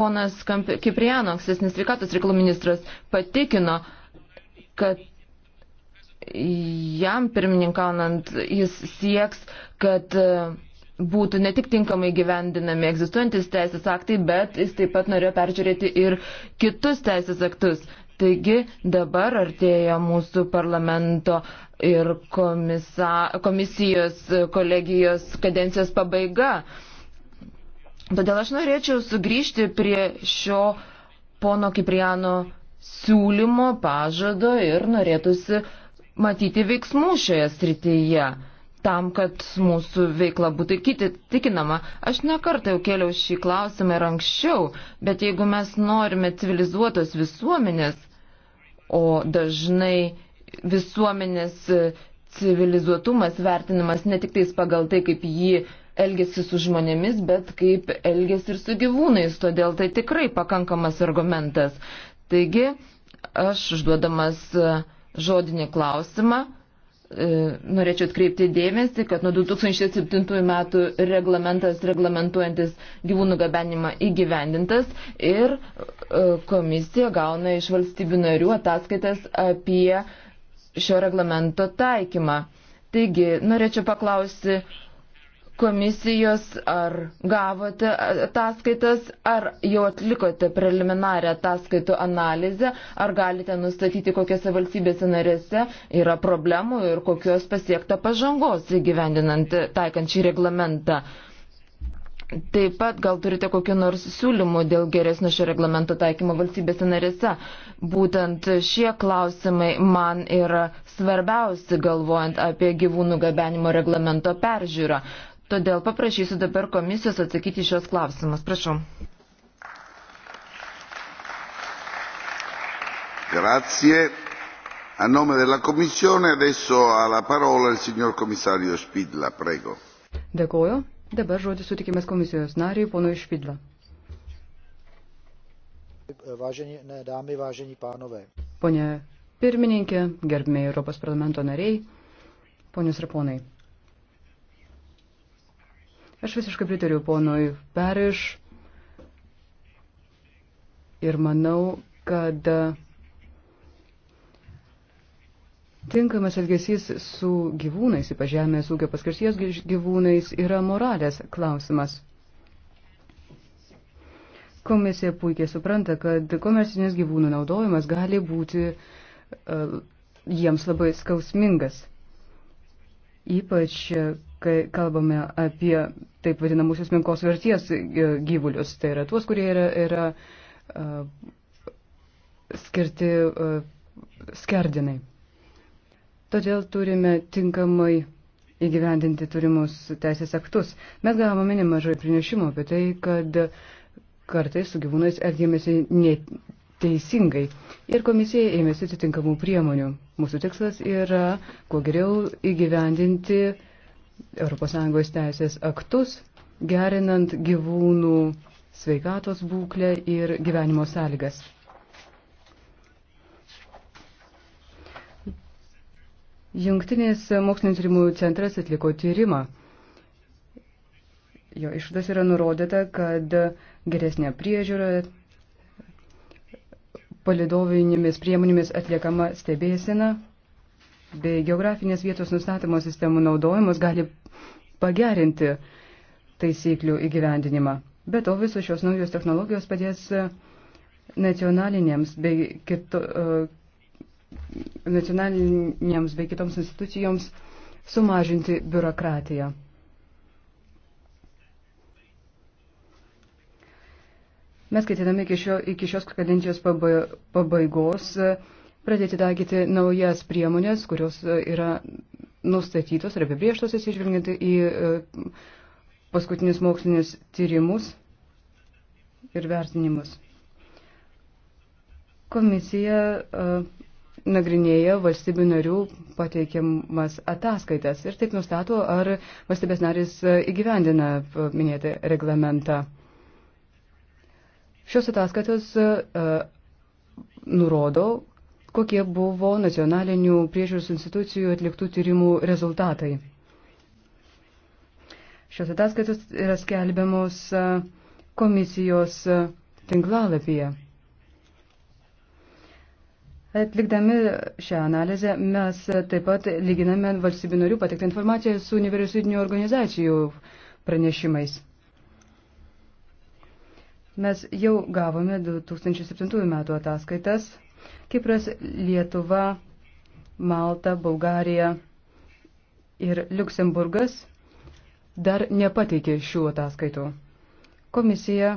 Ponas Kipriano, ankstesnis sveikatos reikalų ministras, patikino, kad jam pirmininkaunant jis sieks, kad e, būtų ne tik tinkamai gyvendinami egzistuojantis teisės aktai, bet jis taip pat norėjo peržiūrėti ir kitus teisės aktus. Taigi dabar artėja mūsų parlamento ir komisa, komisijos kolegijos kadencijos pabaiga. Todėl aš norėčiau sugrįžti prie šio pono Kipriano siūlymo, pažado ir norėtųsi matyti veiksmų šioje srityje, tam, kad mūsų veikla būtų kiti, tikinama. Aš nekartą jau kėliau šį klausimą ir anksčiau, bet jeigu mes norime civilizuotos visuomenės, o dažnai visuomenės civilizuotumas vertinamas ne tik tais pagal tai, kaip jį elgesi su žmonėmis, bet kaip elgesi ir su gyvūnais. Todėl tai tikrai pakankamas argumentas. Taigi, aš užduodamas e, žodinį klausimą e, norėčiau atkreipti dėmesį, kad nuo 2007 metų reglamentas reglamentuojantis gyvūnų gabenimą įgyvendintas ir e, komisija gauna iš valstybių narių ataskaitas apie šio reglamento taikymą. Taigi, norėčiau paklausti komisijos, ar gavote ataskaitas, ar jau atlikote preliminarią ataskaitų analizę, ar galite nustatyti, kokiose valstybėse narėse yra problemų ir kokios pasiekta pažangos įgyvendinant taikant šį reglamentą. Taip pat gal turite kokiu nors siūlymu dėl geresnio šio reglamento taikymo valstybėse narėse. Būtent šie klausimai man yra svarbiausi, galvojant apie gyvūnų gabenimo reglamento peržiūrą. Todėl paprašysiu dabar komisijos atsakyti šios klausimus. Prašau. Grazie. A nome della Commissione adesso ha la parola il signor commissario Spidla, prego. Dėkuoju. Dabar žodį sutikimės komisijos nariui, ponui Špidla. Vážení dámy, vážení pánové. Pone pirmininkė, gerbėjai Europos parlamento nariai, ponios ir ponai. Aš visiškai pritariu ponui Periš ir manau, kad e, Tinkamas elgesys su gyvūnais, ypač žemės ūkio paskirties gyvūnais, yra moralės klausimas. Komisija puikiai supranta, kad komercinis gyvūnų naudojimas gali būti uh, jiems labai skausmingas. Ypač uh, kai kalbame apie taip vadinamusius menkos verties e, gyvulius, tai yra tuos, kurie yra, yra uh, skirti uh, skerdinai. Todėl turime tinkamai įgyvendinti turimus teisės aktus. Mes gavome nemažai pranešimų apie tai, kad kartais su gyvūnais elgiamasi neteisingai ir komisija ėmėsi atitinkamų priemonių. Mūsų tikslas yra kuo geriau įgyvendinti ES teisės aktus, gerinant gyvūnų sveikatos būklę ir gyvenimo sąlygas. Jungtinės mokslinio tyrimų centras atliko tyrimą. Jo išvadas yra nurodyta, kad geresnė priežiūra palidovinėmis priemonėmis atliekama stebėsina bei geografinės vietos nustatymo sistemų naudojimas gali pagerinti taisyklių įgyvendinimą. Be to visos šios naujos technologijos padės e, nacionalinėms bei, kito, e, nacionalinėms bei kitoms institucijoms sumažinti biurokratiją. Mes ketiname iki, šio, iki šios kadencijos pabaigos e, pradėti taikyti naujas priemonės, kurios e, yra nustatytos ir apibrieštos atsižvelgiant į e, paskutinius mokslinius tyrimus ir vertinimus. Komisija e, nagrinėja valstybių narių pateikiamas ataskaitas ir taip nustato, ar valstybės narys įgyvendina minėtą reglamentą. Šios ataskaitos nurodo, kokie buvo nacionalinių priežiūros institucijų atliktų tyrimų rezultatai. Šios ataskaitos yra skelbiamos e, komisijos e, tinklalapyje. Atlikdami šią analizę mes taip pat lyginame valstybių narių patiktą informaciją su universitinių organizacijų pranešimais. Mes jau gavome 2007 metų ataskaitas Kipras, Lietuva, Malta, Bulgarija ir Luksemburgas dar nepateikė šių ataskaitų. Komisija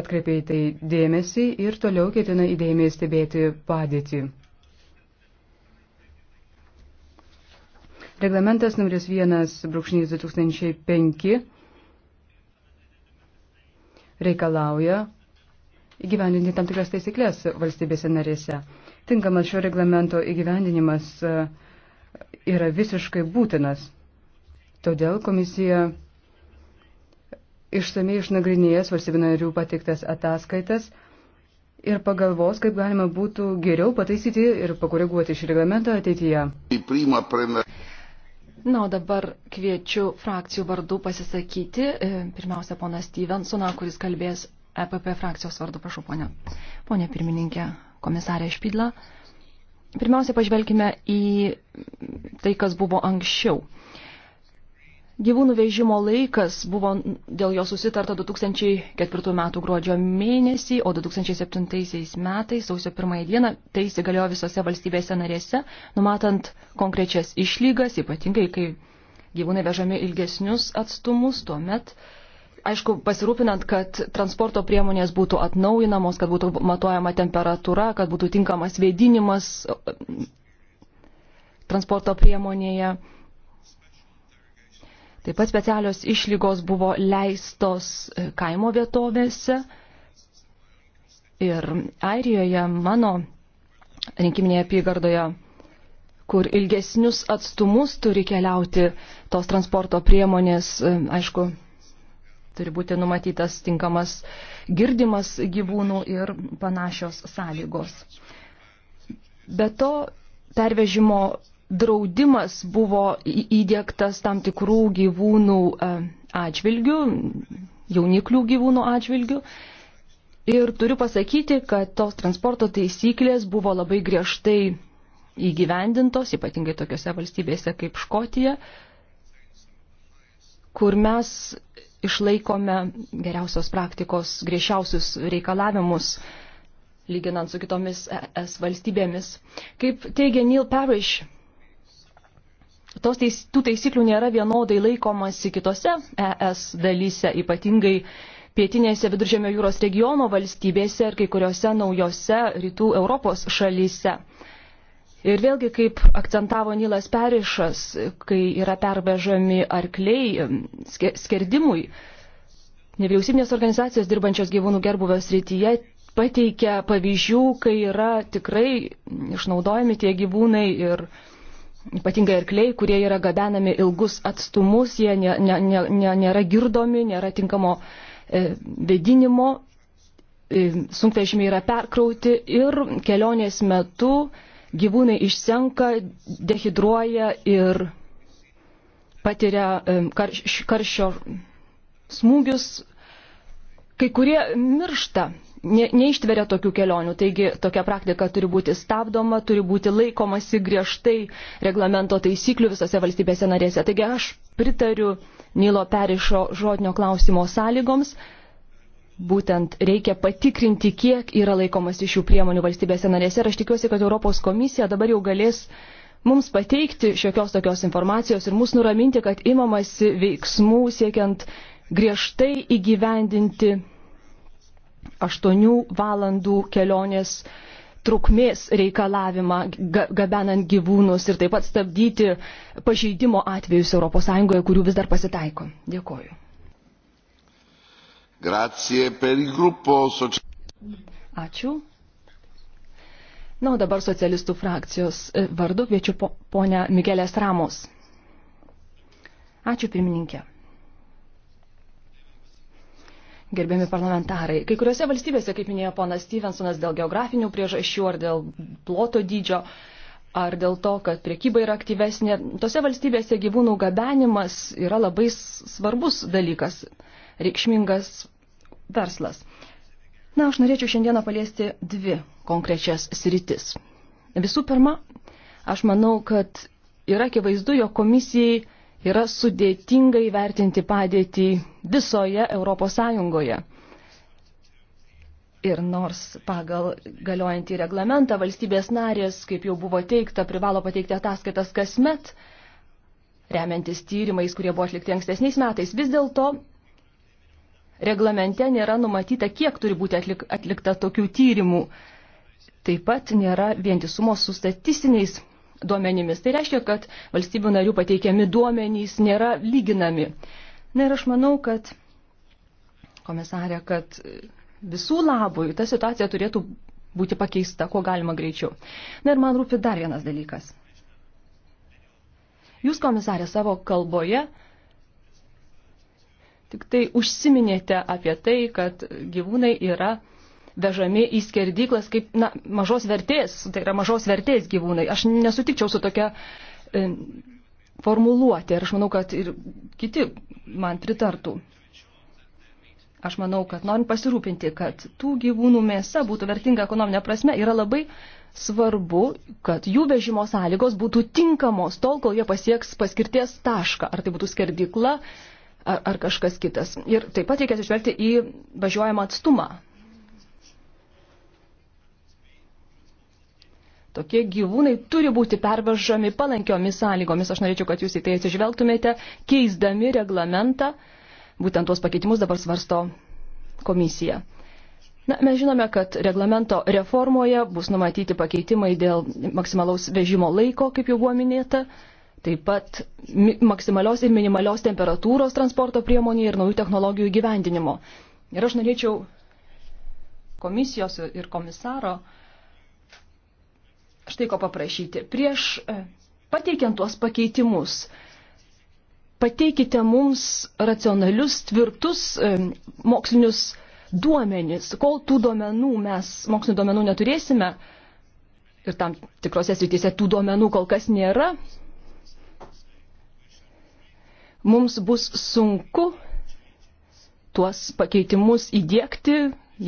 atkreipė į tai dėmesį ir toliau ketina įdėmiai stebėti padėtį. Reglamentas numeris 1.2005 reikalauja, įgyvendinti tam tikras taisyklės valstybėse narėse. Tinkamas šio reglamento įgyvendinimas e, yra visiškai būtinas. Todėl komisija išsamei išnagrinėjęs valstybių narių pateiktas ataskaitas ir pagalvos, kaip galima būtų geriau pataisyti ir pakoreguoti šį reglamentą ateityje. Na, o dabar kviečiu frakcijų vardų pasisakyti. E, pirmiausia, ponas Stevensoną, kuris kalbės EPP frakcijos vardu, prašau, ponė. Ponė pirmininkė, komisarė Špidla. Pirmiausia, pažvelkime į tai, kas buvo anksčiau. Gyvūnų vežimo laikas buvo dėl jo susitarta 2004 m. gruodžio mėnesį, o 2007 metais, sausio 1 dieną, tai įsigaliojo visose valstybėse narėse, numatant konkrečias išlygas, ypatingai kai gyvūnai vežami ilgesnius atstumus, tuomet met aišku, pasirūpinant, kad transporto priemonės būtų atnaujinamos, kad būtų matuojama temperatūra, kad būtų tinkamas vėdinimas e, transporto priemonėje. Taip pat specialios išlygos buvo leistos e, kaimo vietovėse. Ir Airijoje, mano rinkiminėje apygardoje, kur ilgesnius atstumus turi keliauti tos transporto priemonės, e, aišku, turi būti numatytas tinkamas girdimas gyvūnų ir panašios sąlygos. Be to, pervežimo draudimas buvo įdėktas tam tikrų gyvūnų e, atžvilgių, jauniklių gyvūnų atžvilgių. Ir turiu pasakyti, kad tos transporto taisyklės buvo labai griežtai įgyvendintos, ypatingai tokiose valstybėse kaip Škotija, kur mes išlaikome geriausios praktikos griežčiausius reikalavimus, lyginant su kitomis ES valstybėmis. Kaip teigia Neil Parrish, tos teis, tų taisyklių nėra vienodai laikomasi kitose ES dalyse, ypatingai pietinėse viduržėmio jūros regiono valstybėse ir kai kuriuose naujose rytų Europos šalyse. Ir vėlgi, kaip akcentavo Nilas Perišas, kai yra pervežami arkliai skerdimui, nevyriausybinės organizacijos dirbančios gyvūnų gerbuvės rytyje pateikia pavyzdžių, kai yra tikrai išnaudojami tie gyvūnai ir ypatingai arkliai, kurie yra gabenami ilgus atstumus, jie ne, ne, ne, nėra girdomi, nėra tinkamo e, vedinimo, e, sunkvežimiai yra perkrauti ir kelionės metu e, gyvūnai išsenka, dehidruoja ir patiria e, karščio smūgius, kai kurie miršta, ne, neištveria tokių kelionių. Taigi tokia praktika turi būti stabdoma, turi būti laikomasi griežtai reglamento taisyklių visose valstybėse narėse. Taigi aš pritariu Nilo Perišo žodinio klausimo sąlygoms, būtent reikia patikrinti, kiek yra laikomas iš šių priemonių valstybėse narėse. Ir aš tikiuosi, kad Europos komisija dabar jau galės mums pateikti šiokios tokios informacijos ir mus nuraminti, kad imamasi veiksmų siekiant griežtai įgyvendinti 8 valandų kelionės trukmės reikalavimą gabenant gyvūnus ir taip pat stabdyti pažeidimo atvejus ES, kurių vis dar pasitaiko. Dėkoju. Grazie per il gruppo social... Ačiū. Na, o dabar socialistų frakcijos e, vardu kviečiu po, ponę Mikelės Ramos. Ačiū pirmininkė. Gerbiami parlamentarai, kai kuriuose valstybėse, kaip minėjo ponas Stevensonas, dėl geografinių priežasčių ar dėl ploto dydžio, ar dėl to, kad priekyba yra aktyvesnė, tose valstybėse gyvūnų gabenimas yra labai svarbus dalykas reikšmingas verslas. Na, aš norėčiau šiandieną paliesti dvi konkrečias sritis. Visų pirma, aš manau, kad yra akivaizdu, jo komisijai yra sudėtinga įvertinti padėtį visoje Europos Sąjungoje. Ir nors pagal galiojantį reglamentą valstybės narės, kaip jau buvo teikta, privalo pateikti ataskaitas kasmet, remiantis tyrimais, kurie buvo atlikti ankstesniais metais, vis dėlto reglamente nėra numatyta, kiek turi būti atlik, atlikta tokių tyrimų. Taip pat nėra vientisumo su statistiniais duomenimis. Tai reiškia, kad valstybių narių pateikiami duomenys nėra lyginami. Na ir aš manau, kad, komisarė, kad visų labui ta situacija turėtų būti pakeista, kuo galima greičiau. Na ir man rūpi dar vienas dalykas. Jūs, komisarė, savo kalboje tik tai užsiminėte apie tai, kad gyvūnai yra vežami į skerdyklas kaip na, mažos vertės, tai yra mažos vertės gyvūnai. Aš nesutikčiau su tokia e, formuluoti ir aš manau, kad ir kiti man pritartų. Aš manau, kad norint pasirūpinti, kad tų gyvūnų mėsa būtų vertinga ekonominė prasme, yra labai svarbu, kad jų vežimo sąlygos būtų tinkamos tol, kol jie pasieks paskirties tašką. Ar tai būtų skerdykla, ar, ar kažkas kitas. Ir taip pat reikia atsižvelgti į važiuojamą atstumą. Tokie gyvūnai turi būti pervažami palankiomis sąlygomis. Aš norėčiau, kad jūs į tai atsižvelgtumėte, keisdami reglamentą. Būtent tuos pakeitimus dabar svarsto komisija. Na, mes žinome, kad reglamento reformoje bus numatyti pakeitimai dėl maksimalaus vežimo laiko, kaip jau buvo minėta. Uh, taip pat maksimalios ir minimalios temperatūros transporto priemonėje ir naujų technologijų įgyvendinimo. Ir aš norėčiau komisijos ir komisaro štai ko paprašyti. Prieš e, pateikiant tuos pakeitimus, pateikite mums racionalius, tvirtus e, mokslinius duomenis. Kol tų duomenų mes, mokslinių duomenų neturėsime, ir tam tikrose srityse tų duomenų kol kas nėra, mums bus sunku tuos pakeitimus įdėkti,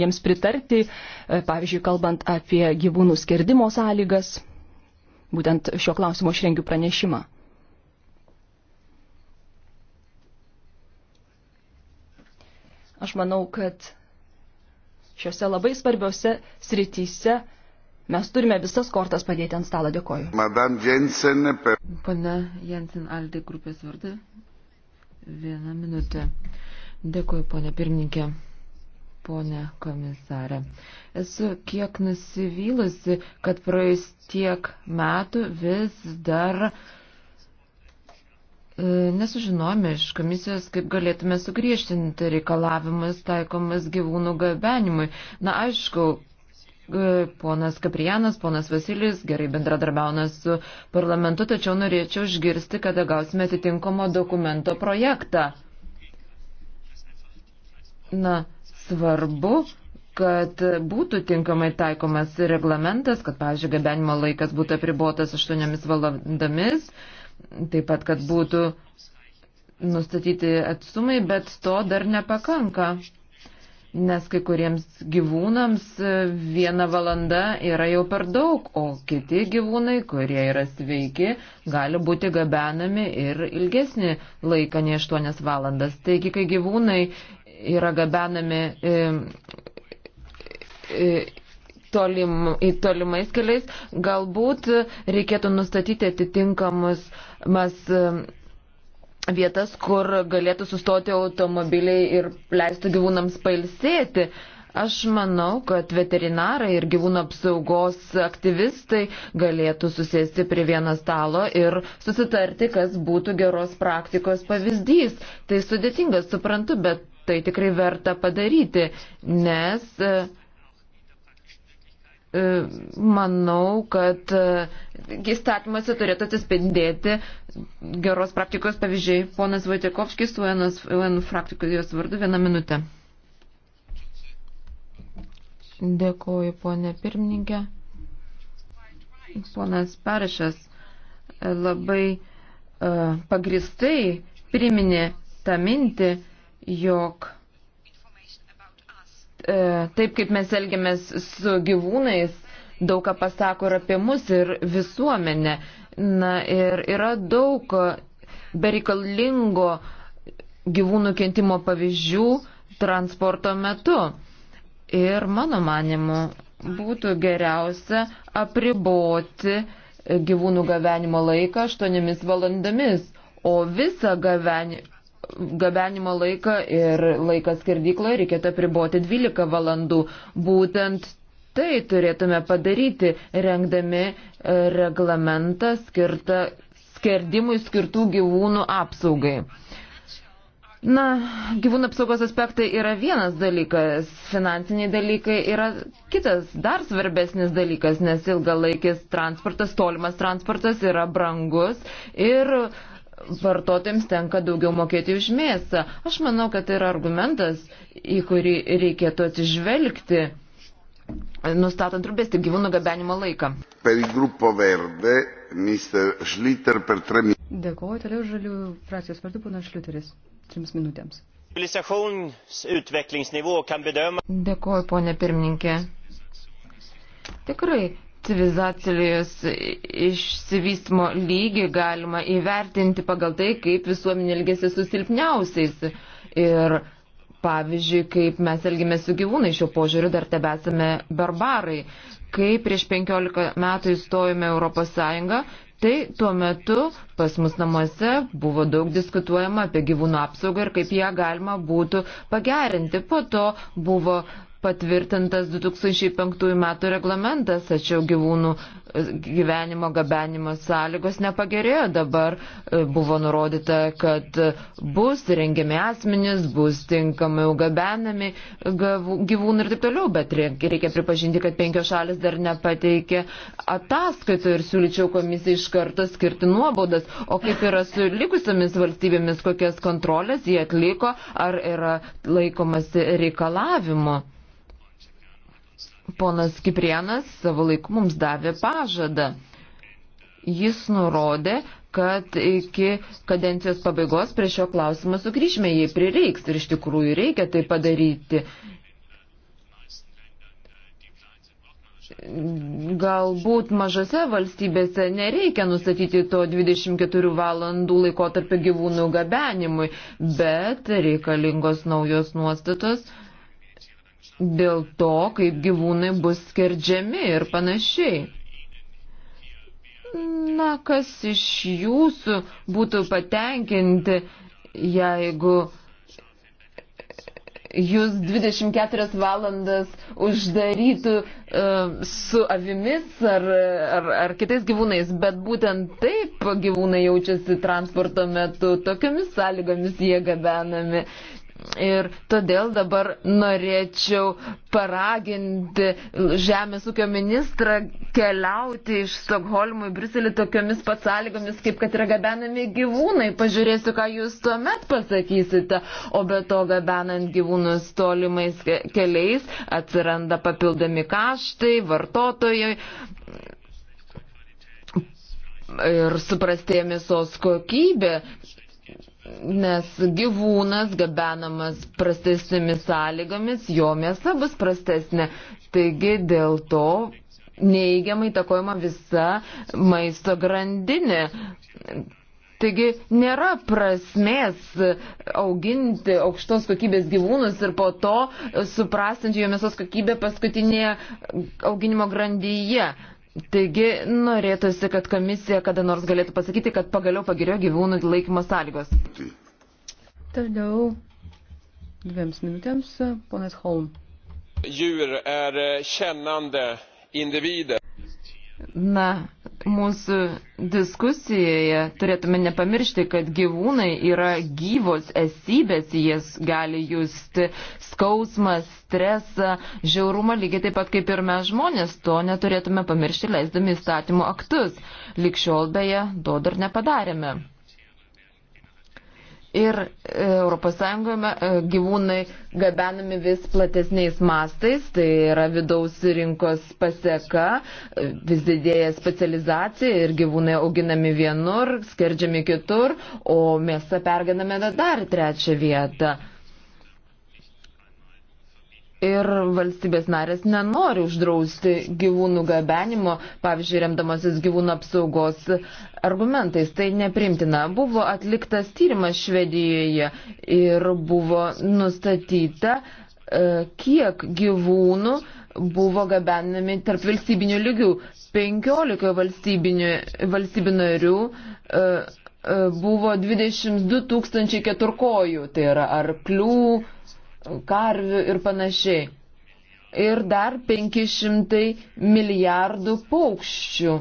jiems pritarti, e, pavyzdžiui, kalbant apie gyvūnų skerdimo sąlygas. Būtent šio klausimo aš rengiu pranešimą. Aš manau, kad šiuose labai svarbiose srityse mes turime visas kortas padėti ant stalo. Dėkoju. Madame Jensen. Per... Pana Jensen Alde grupės vardu. Vieną minutę. Dėkuoju, ponė pirmininkė. Pone komisarė, esu kiek nusivylusi, kad praėjus tiek metų vis dar e, nesužinome iš komisijos, kaip galėtume sugriežtinti reikalavimus taikomas gyvūnų gabenimui. Na, aišku, Ponas Kaprijanas, ponas Vasilis gerai bendradarbiauna su parlamentu, tačiau norėčiau išgirsti, kada gausime atitinkamo dokumento projektą. Na, svarbu, kad būtų tinkamai taikomas reglamentas, kad, pavyzdžiui, gabenimo laikas būtų apribotas 8 valandomis, taip pat, kad būtų nustatyti atstumai, bet to dar nepakanka nes kai kuriems gyvūnams e, viena valanda yra jau per daug, o kiti gyvūnai, kurie yra sveiki, gali būti gabenami ir ilgesnį laiką nei 8 valandas. Taigi, kai gyvūnai yra gabenami e, e, tolim, į tolimais keliais, galbūt reikėtų nustatyti atitinkamus mas. E, vietas, kur galėtų sustoti automobiliai ir leistų gyvūnams pailsėti. Aš manau, kad veterinarai ir gyvūnų apsaugos aktyvistai galėtų susėsti prie vieno stalo ir susitarti, kas būtų geros praktikos pavyzdys. Tai sudėtinga, suprantu, bet tai tikrai verta padaryti, nes. Uh, E, manau, kad e, įstatymuose turėtų atsispindėti geros praktikos pavyzdžiai. Ponas Vaitekovskis, UN fraktikos vardu, vieną minutę. Dėkuoju, ponė pirmininkė. Ponas Perišas e, labai uh, pagristai priminė tą mintį, jog E, taip kaip mes elgiamės su gyvūnais, daug ką pasako ir apie mus, ir visuomenę. Na ir yra daug berikalingo gyvūnų kentimo pavyzdžių transporto metu. Ir mano manimu, būtų geriausia apriboti gyvūnų gavenimo laiką 8 valandomis, o visą gavenimo gabenimo laiką ir laiką skerdykloje reikėtų apriboti 12 valandų. Būtent tai turėtume padaryti, rengdami e, reglamentą skirtą skerdimui skirtų gyvūnų apsaugai. Na, gyvūnų apsaugos aspektai yra vienas dalykas, finansiniai dalykai yra kitas, dar svarbesnis dalykas, nes ilgalaikis transportas, tolimas transportas yra brangus ir uh, vartotojams tenka daugiau mokėti už mėsą. Aš manau, kad tai yra argumentas, į kurį reikėtų atsižvelgti, nustatant rūpestį gyvūnų gabenimo laiką. Verde, Schlitter, Dėkuoju, toliau žalių frakcijos vardu, pana Šliuteris, trims minutėms. Dėkuoju, ponė pirmininkė. Tikrai, civilizacijos išsivystimo lygį galima įvertinti pagal tai, kaip visuomenė elgėsi su silpniausiais. Ir pavyzdžiui, kaip mes elgėmės su gyvūnai šio požiūriu, dar tebesame barbarai. Kai prieš 15 metų įstojome Europos Sąjungą, tai tuo metu pas mus namuose buvo daug diskutuojama apie gyvūnų apsaugą ir kaip ją galima būtų pagerinti. Po to buvo patvirtintas 2005 m. reglamentas, tačiau gyvūnų gyvenimo gabenimo sąlygos nepagerėjo. Dabar e, buvo nurodyta, kad bus rengiami asmenys, bus tinkamai gabenami gyvūnai ir taip toliau, bet reikia pripažinti, kad penkios šalis dar nepateikė ataskaitų ir siūlyčiau komisijai iš karto skirti nuobodas. O kaip yra su likusiamis valstybėmis, kokias kontrolės jie atliko, ar yra laikomasi reikalavimo ponas Kiprienas savo laiku mums davė pažadą. Jis nurodė, kad iki kadencijos pabaigos prie šio klausimo sugrįžime, jei prireiks ir iš tikrųjų reikia tai padaryti. Galbūt mažose valstybėse nereikia nustatyti to 24 valandų laikotarpio gyvūnų gabenimui, bet reikalingos naujos nuostatos. Uh, dėl to, kaip gyvūnai bus skerdžiami ir panašiai. Na, kas iš jūsų būtų patenkinti, jeigu jūs 24 valandas uždarytų uh, su avimis ar, ar, ar kitais gyvūnais, bet būtent taip gyvūnai jaučiasi transporto metu, tokiamis sąlygomis jie gabenami. Ir todėl dabar norėčiau paraginti Žemės ūkio ministrą keliauti iš Stokholmo į Briuselį tokiomis pats sąlygomis, kaip kad yra gabenami gyvūnai. Pažiūrėsiu, ką jūs tuomet pasakysite. O be to, gabenant gyvūnus tolimais keliais atsiranda papildomi kaštai vartotojai. Ir suprastė mėsos kokybė, nes gyvūnas gabenamas prastesnėmis sąlygomis, jo mėsa bus prastesnė. Taigi dėl to neįgiamai takojama visa maisto grandinė. Taigi nėra prasmės auginti aukštos kokybės gyvūnus ir po to suprastinti jo mėsos kokybę paskutinėje auginimo grandyje. Taigi norėtųsi, kad komisija kada nors galėtų pasakyti, kad pagaliau pagerėjo gyvūnų laikymo sąlygos. Toliau dviems minutėms, ponas Holm. Djur er kännande individer. Na, mūsų diskusijoje turėtume nepamiršti, kad gyvūnai yra gyvos esybės, jas gali jūsti skausmą, stresą, žiaurumą, lygiai taip pat kaip ir mes žmonės, to neturėtume pamiršti leisdami įstatymų aktus. Likščiol beje, to dar nepadarėme ir ES e, gyvūnai gabenami vis platesniais mastais, tai yra vidaus rinkos pasieka, e, vis didėja specializacija ir gyvūnai auginami vienur, skerdžiami kitur, o mėsą perganame dar trečią vietą ir valstybės narės nenori uždrausti gyvūnų gabenimo, pavyzdžiui, remdamasis gyvūnų apsaugos argumentais. Tai neprimtina. Buvo atliktas tyrimas Švedijoje ir buvo nustatyta, e, kiek gyvūnų buvo gabenami tarp valstybinių lygių. 15 valstybių narių e, e, buvo 22 tūkstančiai keturkojų, tai yra arklių, karvių ir panašiai. Ir dar 500 milijardų paukščių.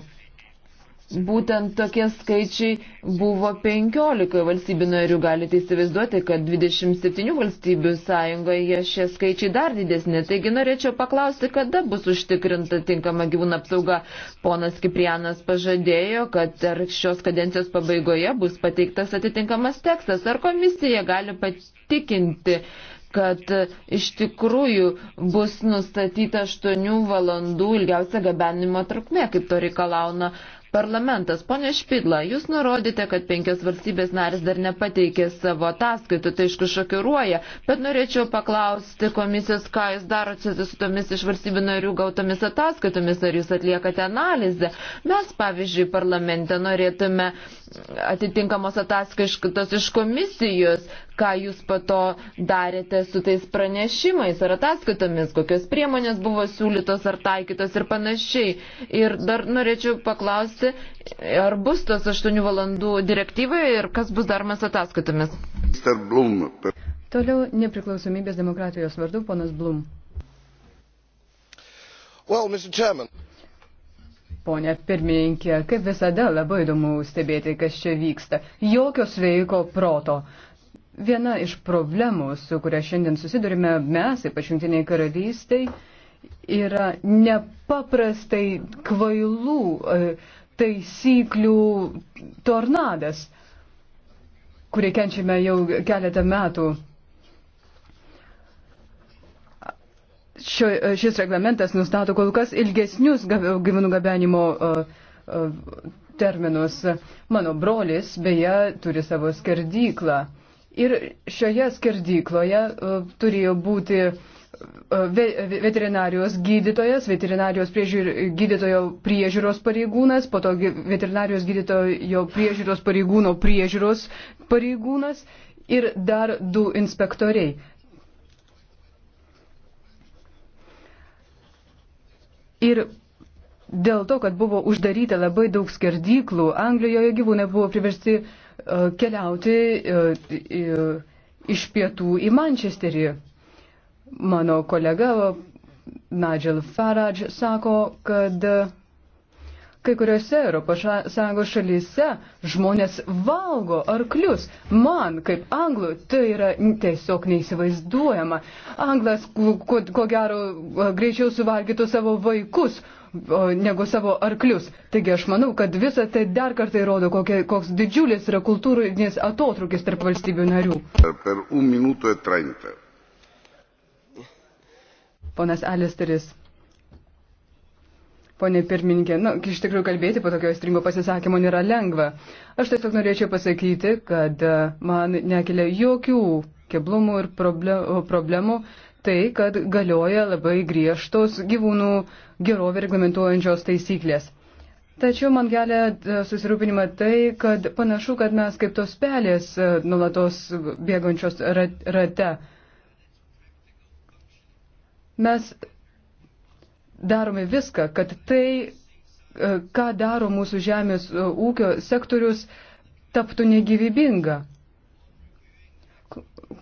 Būtent tokie skaičiai buvo 15 valstybių narių. Galite įsivaizduoti, kad 27 valstybių sąjungoje šie skaičiai dar didesni. Taigi norėčiau paklausti, kada bus užtikrinta tinkama gyvūnų apsauga. Ponas Kiprianas pažadėjo, kad ar šios kadencijos pabaigoje bus pateiktas atitinkamas tekstas. Ar komisija gali patikinti kad iš tikrųjų bus nustatyta 8 valandų ilgiausia gabenimo trukmė, kaip to reikalauna parlamentas. Pone Špidla, jūs nurodėte, kad penkios valstybės narės dar nepateikė savo ataskaitų, tai aišku šokiruoja, bet norėčiau paklausti komisijos, ką jūs darote su tomis iš valstybių narių gautomis ataskaitomis, ar jūs atliekate analizę. Mes, pavyzdžiui, parlamente norėtume uh, atitinkamos ataskaitos iš komisijos, ką jūs pato darėte su tais pranešimais ar ataskaitomis, kokios priemonės buvo siūlytos ar taikytos ir panašiai. Ir dar norėčiau paklausti, ar bus tos 8 valandų direktyvai ir kas bus daromas ataskaitomis. Toliau nepriklausomybės demokratijos vardu ponas Blum. Well, Pone pirmininkė, kaip visada labai įdomu stebėti, kas čia vyksta. Jokio sveiko proto. Viena iš problemų, su kuria šiandien susidurime mes, ypač jungtiniai karalystiai, yra nepaprastai kvailų e, taisyklių tornadas, kurį kenčiame jau keletą metų. šio, e, šis reglamentas nustato kol kas ilgesnius gyvūnų gabenimo e, e, terminus. Mano brolis beje turi savo skerdyklą. Ir šioje skerdykloje turėjo būti veterinarijos gydytojas, veterinarijos priežiūr, gydytojo priežiūros pareigūnas, po to veterinarijos gydytojo priežiūros pareigūno priežiūros pareigūnas ir dar du inspektoriai. Ir dėl to, kad buvo uždaryta labai daug skerdyklų, Anglijoje gyvūnai buvo priversti uh, keliauti uh, uh, iš pietų į Mančesterį. Mano kolega Nigel Farage sako, kad uh, Kai kuriuose ES šalyse žmonės valgo arklius. Man, kaip anglų, tai yra tiesiog neįsivaizduojama. Anglas, ko, ko gero, greičiau suvalgytų savo vaikus negu savo arklius. Taigi aš manau, kad visa tai dar kartą įrodo, kokie, koks didžiulis yra kultūrinis atotrukis tarp valstybių narių. Per un minuto e trenta. Ponas Alisteris. Pone pirmininkė, na, nu, iš tikrųjų kalbėti po tokio stringo pasisakymo nėra lengva. Aš tiesiog norėčiau pasakyti, kad e, man nekelia jokių keblumų ir problemų tai, kad galioja labai griežtos gyvūnų gerovę reglamentuojančios taisyklės. Tačiau man kelia e, susirūpinimą tai, kad panašu, kad mes kaip tos pelės e, nulatos bėgančios rate. Mes darome viską, kad tai, e, ką daro mūsų žemės e, ūkio sektorius, taptų negyvybinga.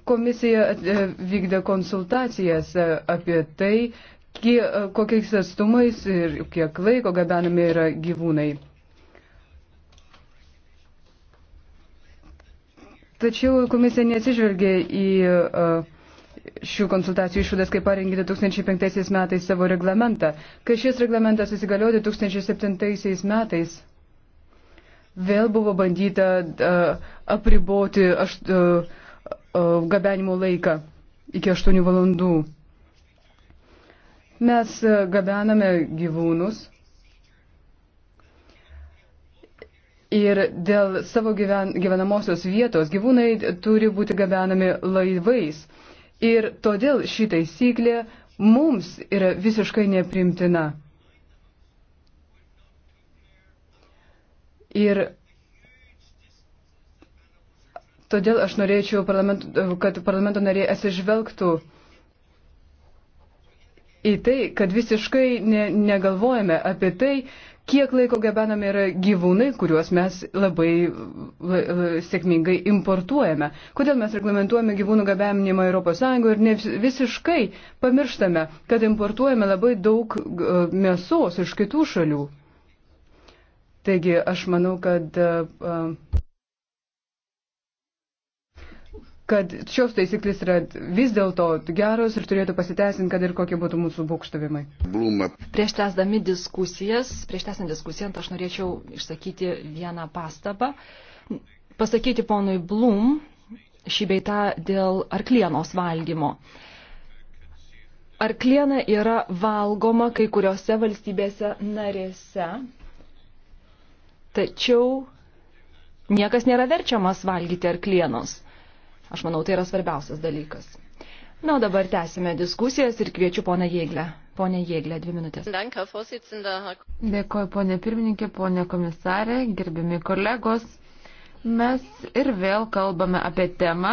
Komisija e, vykdė konsultacijas apie tai, kie, kokiais atstumais ir kiek laiko gabenami yra gyvūnai. Tačiau komisija neatsižvelgia į uh, šių konsultacijų išvadas, kai parengė 2005 metais savo reglamentą. Kai šis reglamentas įsigaliojo 2007 metais, vėl buvo bandyta uh, apriboti aš, uh, uh, gabenimo laiką iki 8 valandų. Mes gabename gyvūnus Ir dėl savo gyven, gyvenamosios vietos gyvūnai turi būti gabenami laivais. Ir todėl ši taisyklė mums yra visiškai neprimtina. Ir todėl aš norėčiau, parlament, kad parlamento nariai atsižvelgtų į tai, kad visiškai ne, negalvojame apie tai, kiek laiko gabenami yra gyvūnai, kuriuos mes labai la, la, sėkmingai importuojame. Kodėl mes reglamentuojame gyvūnų gabenimą ES ir ne visiškai pamirštame, kad importuojame labai daug e, mėsos iš kitų šalių. Taigi aš manau, kad. Uh, kad šios taisyklės yra vis dėlto geros ir turėtų pasiteisinti, kad ir kokie būtų mūsų būkštavimai. Bluma. Prieš tęsdami diskusijas, prieš tęsdami diskusiją, aš norėčiau išsakyti vieną pastabą. Pasakyti ponui Blum šį beitą dėl arklienos valgymo. Arkliena yra valgoma kai kuriuose valstybėse narėse, tačiau niekas nėra verčiamas valgyti arklienos. Aš manau, tai yra svarbiausias dalykas. Na, o dabar tęsime diskusijas ir kviečiu poną Jėglę. Pone Jėglė, dvi minutės. Dėkuoju, ponė pirmininkė, ponė komisarė, gerbimi kolegos. Mes ir vėl kalbame apie temą,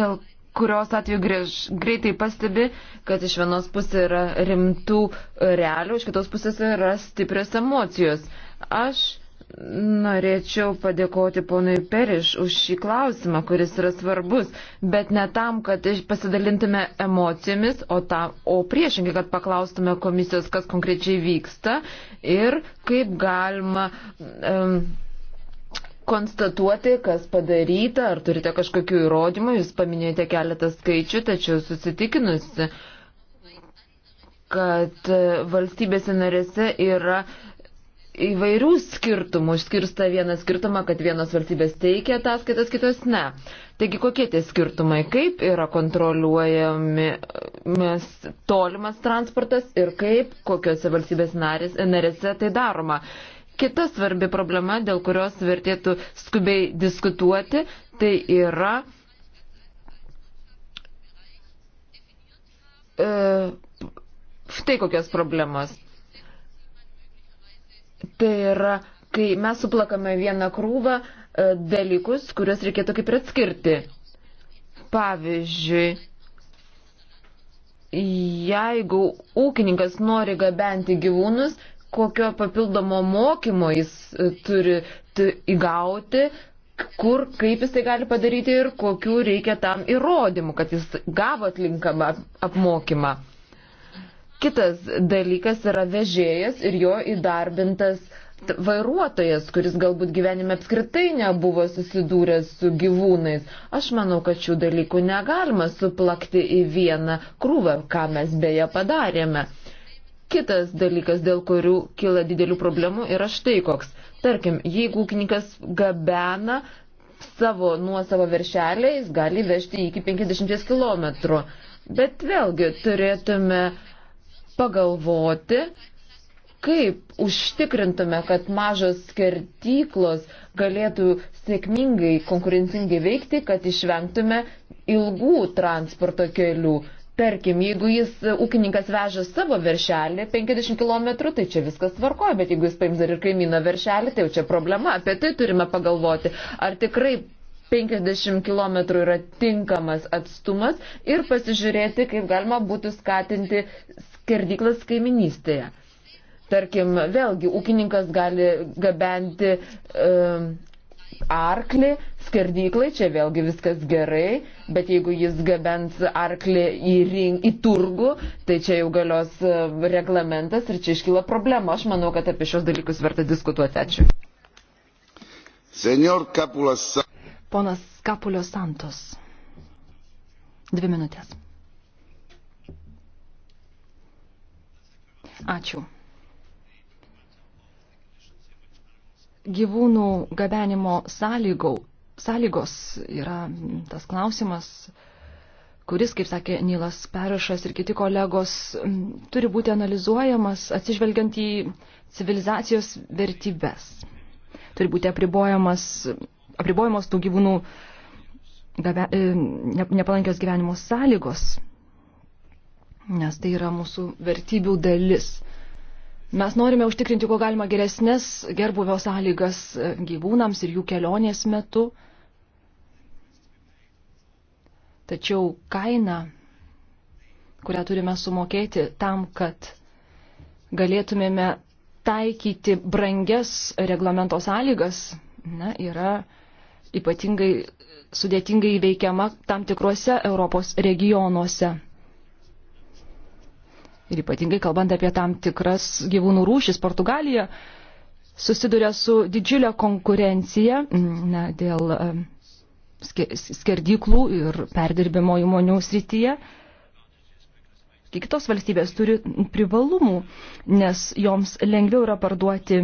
dėl kurios atveju griež, greitai pastebi, kad iš vienos pusės yra rimtų realių, iš kitos pusės yra stiprios emocijos. Aš Norėčiau padėkoti ponui Periš už šį klausimą, kuris yra svarbus, bet ne tam, kad pasidalintume emocijomis, o, tam, o priešingai, kad paklaustume komisijos, kas konkrečiai vyksta ir kaip galima um, konstatuoti, kas padaryta, ar turite kažkokių įrodymų, jūs paminėjote keletą skaičių, tačiau susitikinusi, kad valstybėse narėse yra įvairių skirtumų. Išskirsta vieną skirtumą, kad vienos valstybės teikia ataskaitas, kitos ne. Taigi kokie tie skirtumai, kaip yra kontroliuojamas tolimas transportas ir kaip kokiuose valstybės narės, narėse tai daroma. Kita svarbi problema, dėl kurios vertėtų skubiai diskutuoti, tai yra e, štai kokios problemos. Tai yra, kai mes suplakame vieną krūvą e, dalykus, kuriuos reikėtų kaip ir atskirti. Pavyzdžiui, jeigu ūkininkas nori gabenti gyvūnus, kokio papildomo mokymo jis e, turi įgauti, kur, kaip jis tai gali padaryti ir kokiu reikia tam įrodymų, kad jis gavo atlinkamą apmokymą. Kitas dalykas yra vežėjas ir jo įdarbintas vairuotojas, kuris galbūt gyvenime apskritai nebuvo susidūręs su gyvūnais. Aš manau, kad šių dalykų negalima suplakti į vieną krūvą, ką mes beje padarėme. Kitas dalykas, dėl kurių kyla didelių problemų, yra štai koks. Tarkim, jeigu ūkininkas gabena savo nuosavo veršelį, jis gali vežti iki 50 km. Bet vėlgi turėtume uh, pagalvoti, kaip užtikrintume, kad mažos skirtyklos galėtų sėkmingai, konkurencingai veikti, kad išvengtume ilgų transporto kelių. Tarkim, jeigu jis ūkininkas veža savo veršelį 50 km, tai čia viskas tvarkoja, bet jeigu jis paims dar ir kaimyno veršelį, tai jau čia problema. Apie tai turime pagalvoti, ar tikrai 50 km yra tinkamas atstumas ir pasižiūrėti, kaip galima būtų skatinti skerdiklas kaiminystėje. Tarkim, vėlgi, ūkininkas gali gabenti e, arklį skerdyklai, čia vėlgi viskas gerai, bet jeigu jis gabens arklį į, ring, į turgų, tai čia jau galios reglamentas ir čia iškyla problema. Aš manau, kad apie šios dalykus verta diskutuoti. Ačiū. Senior Kapulas. Ponas Kapulio Santos. Dvi minutės. Ačiū. Gyvūnų gabenimo sąlygų, sąlygos yra tas klausimas, kuris, kaip sakė Nilas Perišas ir kiti kolegos, turi būti analizuojamas atsižvelgiant į civilizacijos vertybės. Turi būti apribojamas, apribojamos tų gyvūnų gabe, e, nepalankios gyvenimo sąlygos, nes tai yra mūsų vertybių dalis. Mes norime užtikrinti, kuo galima geresnės gerbuvio sąlygas e, gyvūnams ir jų kelionės metu. Tačiau kaina, kurią turime sumokėti tam, kad galėtumėme taikyti brangias reglamento sąlygas, na, yra ypatingai sudėtingai įveikiama tam tikrose Europos regionuose ir ypatingai kalbant apie tam tikras gyvūnų rūšis, Portugalija susiduria su didžiulė konkurencija mm, na, dėl skerdyklų ir perdirbimo įmonių srityje. Kitos valstybės turi privalumų, nes joms lengviau yra parduoti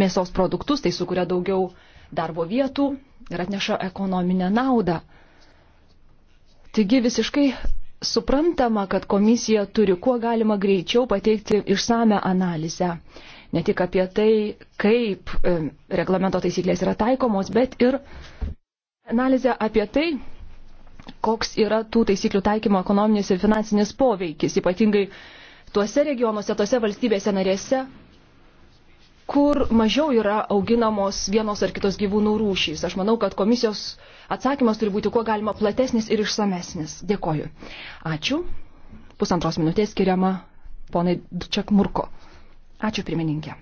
mėsos produktus, tai sukuria daugiau darbo vietų ir atneša ekonominę naudą. Taigi visiškai suprantama, kad komisija turi kuo galima greičiau pateikti išsame analizę. Ne tik apie tai, kaip e, reglamento taisyklės yra taikomos, bet ir analizę apie tai, koks yra tų taisyklių taikymo ekonominis ir finansinis poveikis, ypatingai tuose regionuose, tuose valstybėse narėse, kur mažiau yra auginamos vienos ar kitos gyvūnų rūšys. Aš manau, kad komisijos atsakymas turi būti kuo galima platesnis ir išsamesnis. Dėkoju. Ačiū. Pusantros minutės skiriama ponai Dučiak Murko. Ačiū pirmininkė.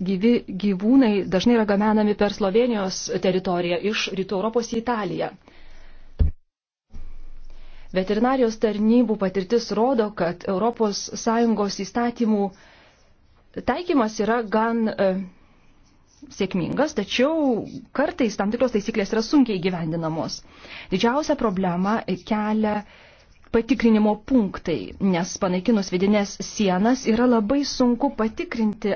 Gyvi gyvūnai dažnai yra gamenami per Slovenijos teritoriją iš rytų Europos į Italiją. Veterinarijos tarnybų patirtis rodo, kad ES įstatymų taikymas yra gan e, sėkmingas, tačiau kartais tam tikros taisyklės yra sunkiai įgyvendinamos. Didžiausia problema kelia patikrinimo punktai, nes panaikinus vidinės sienas yra labai sunku patikrinti,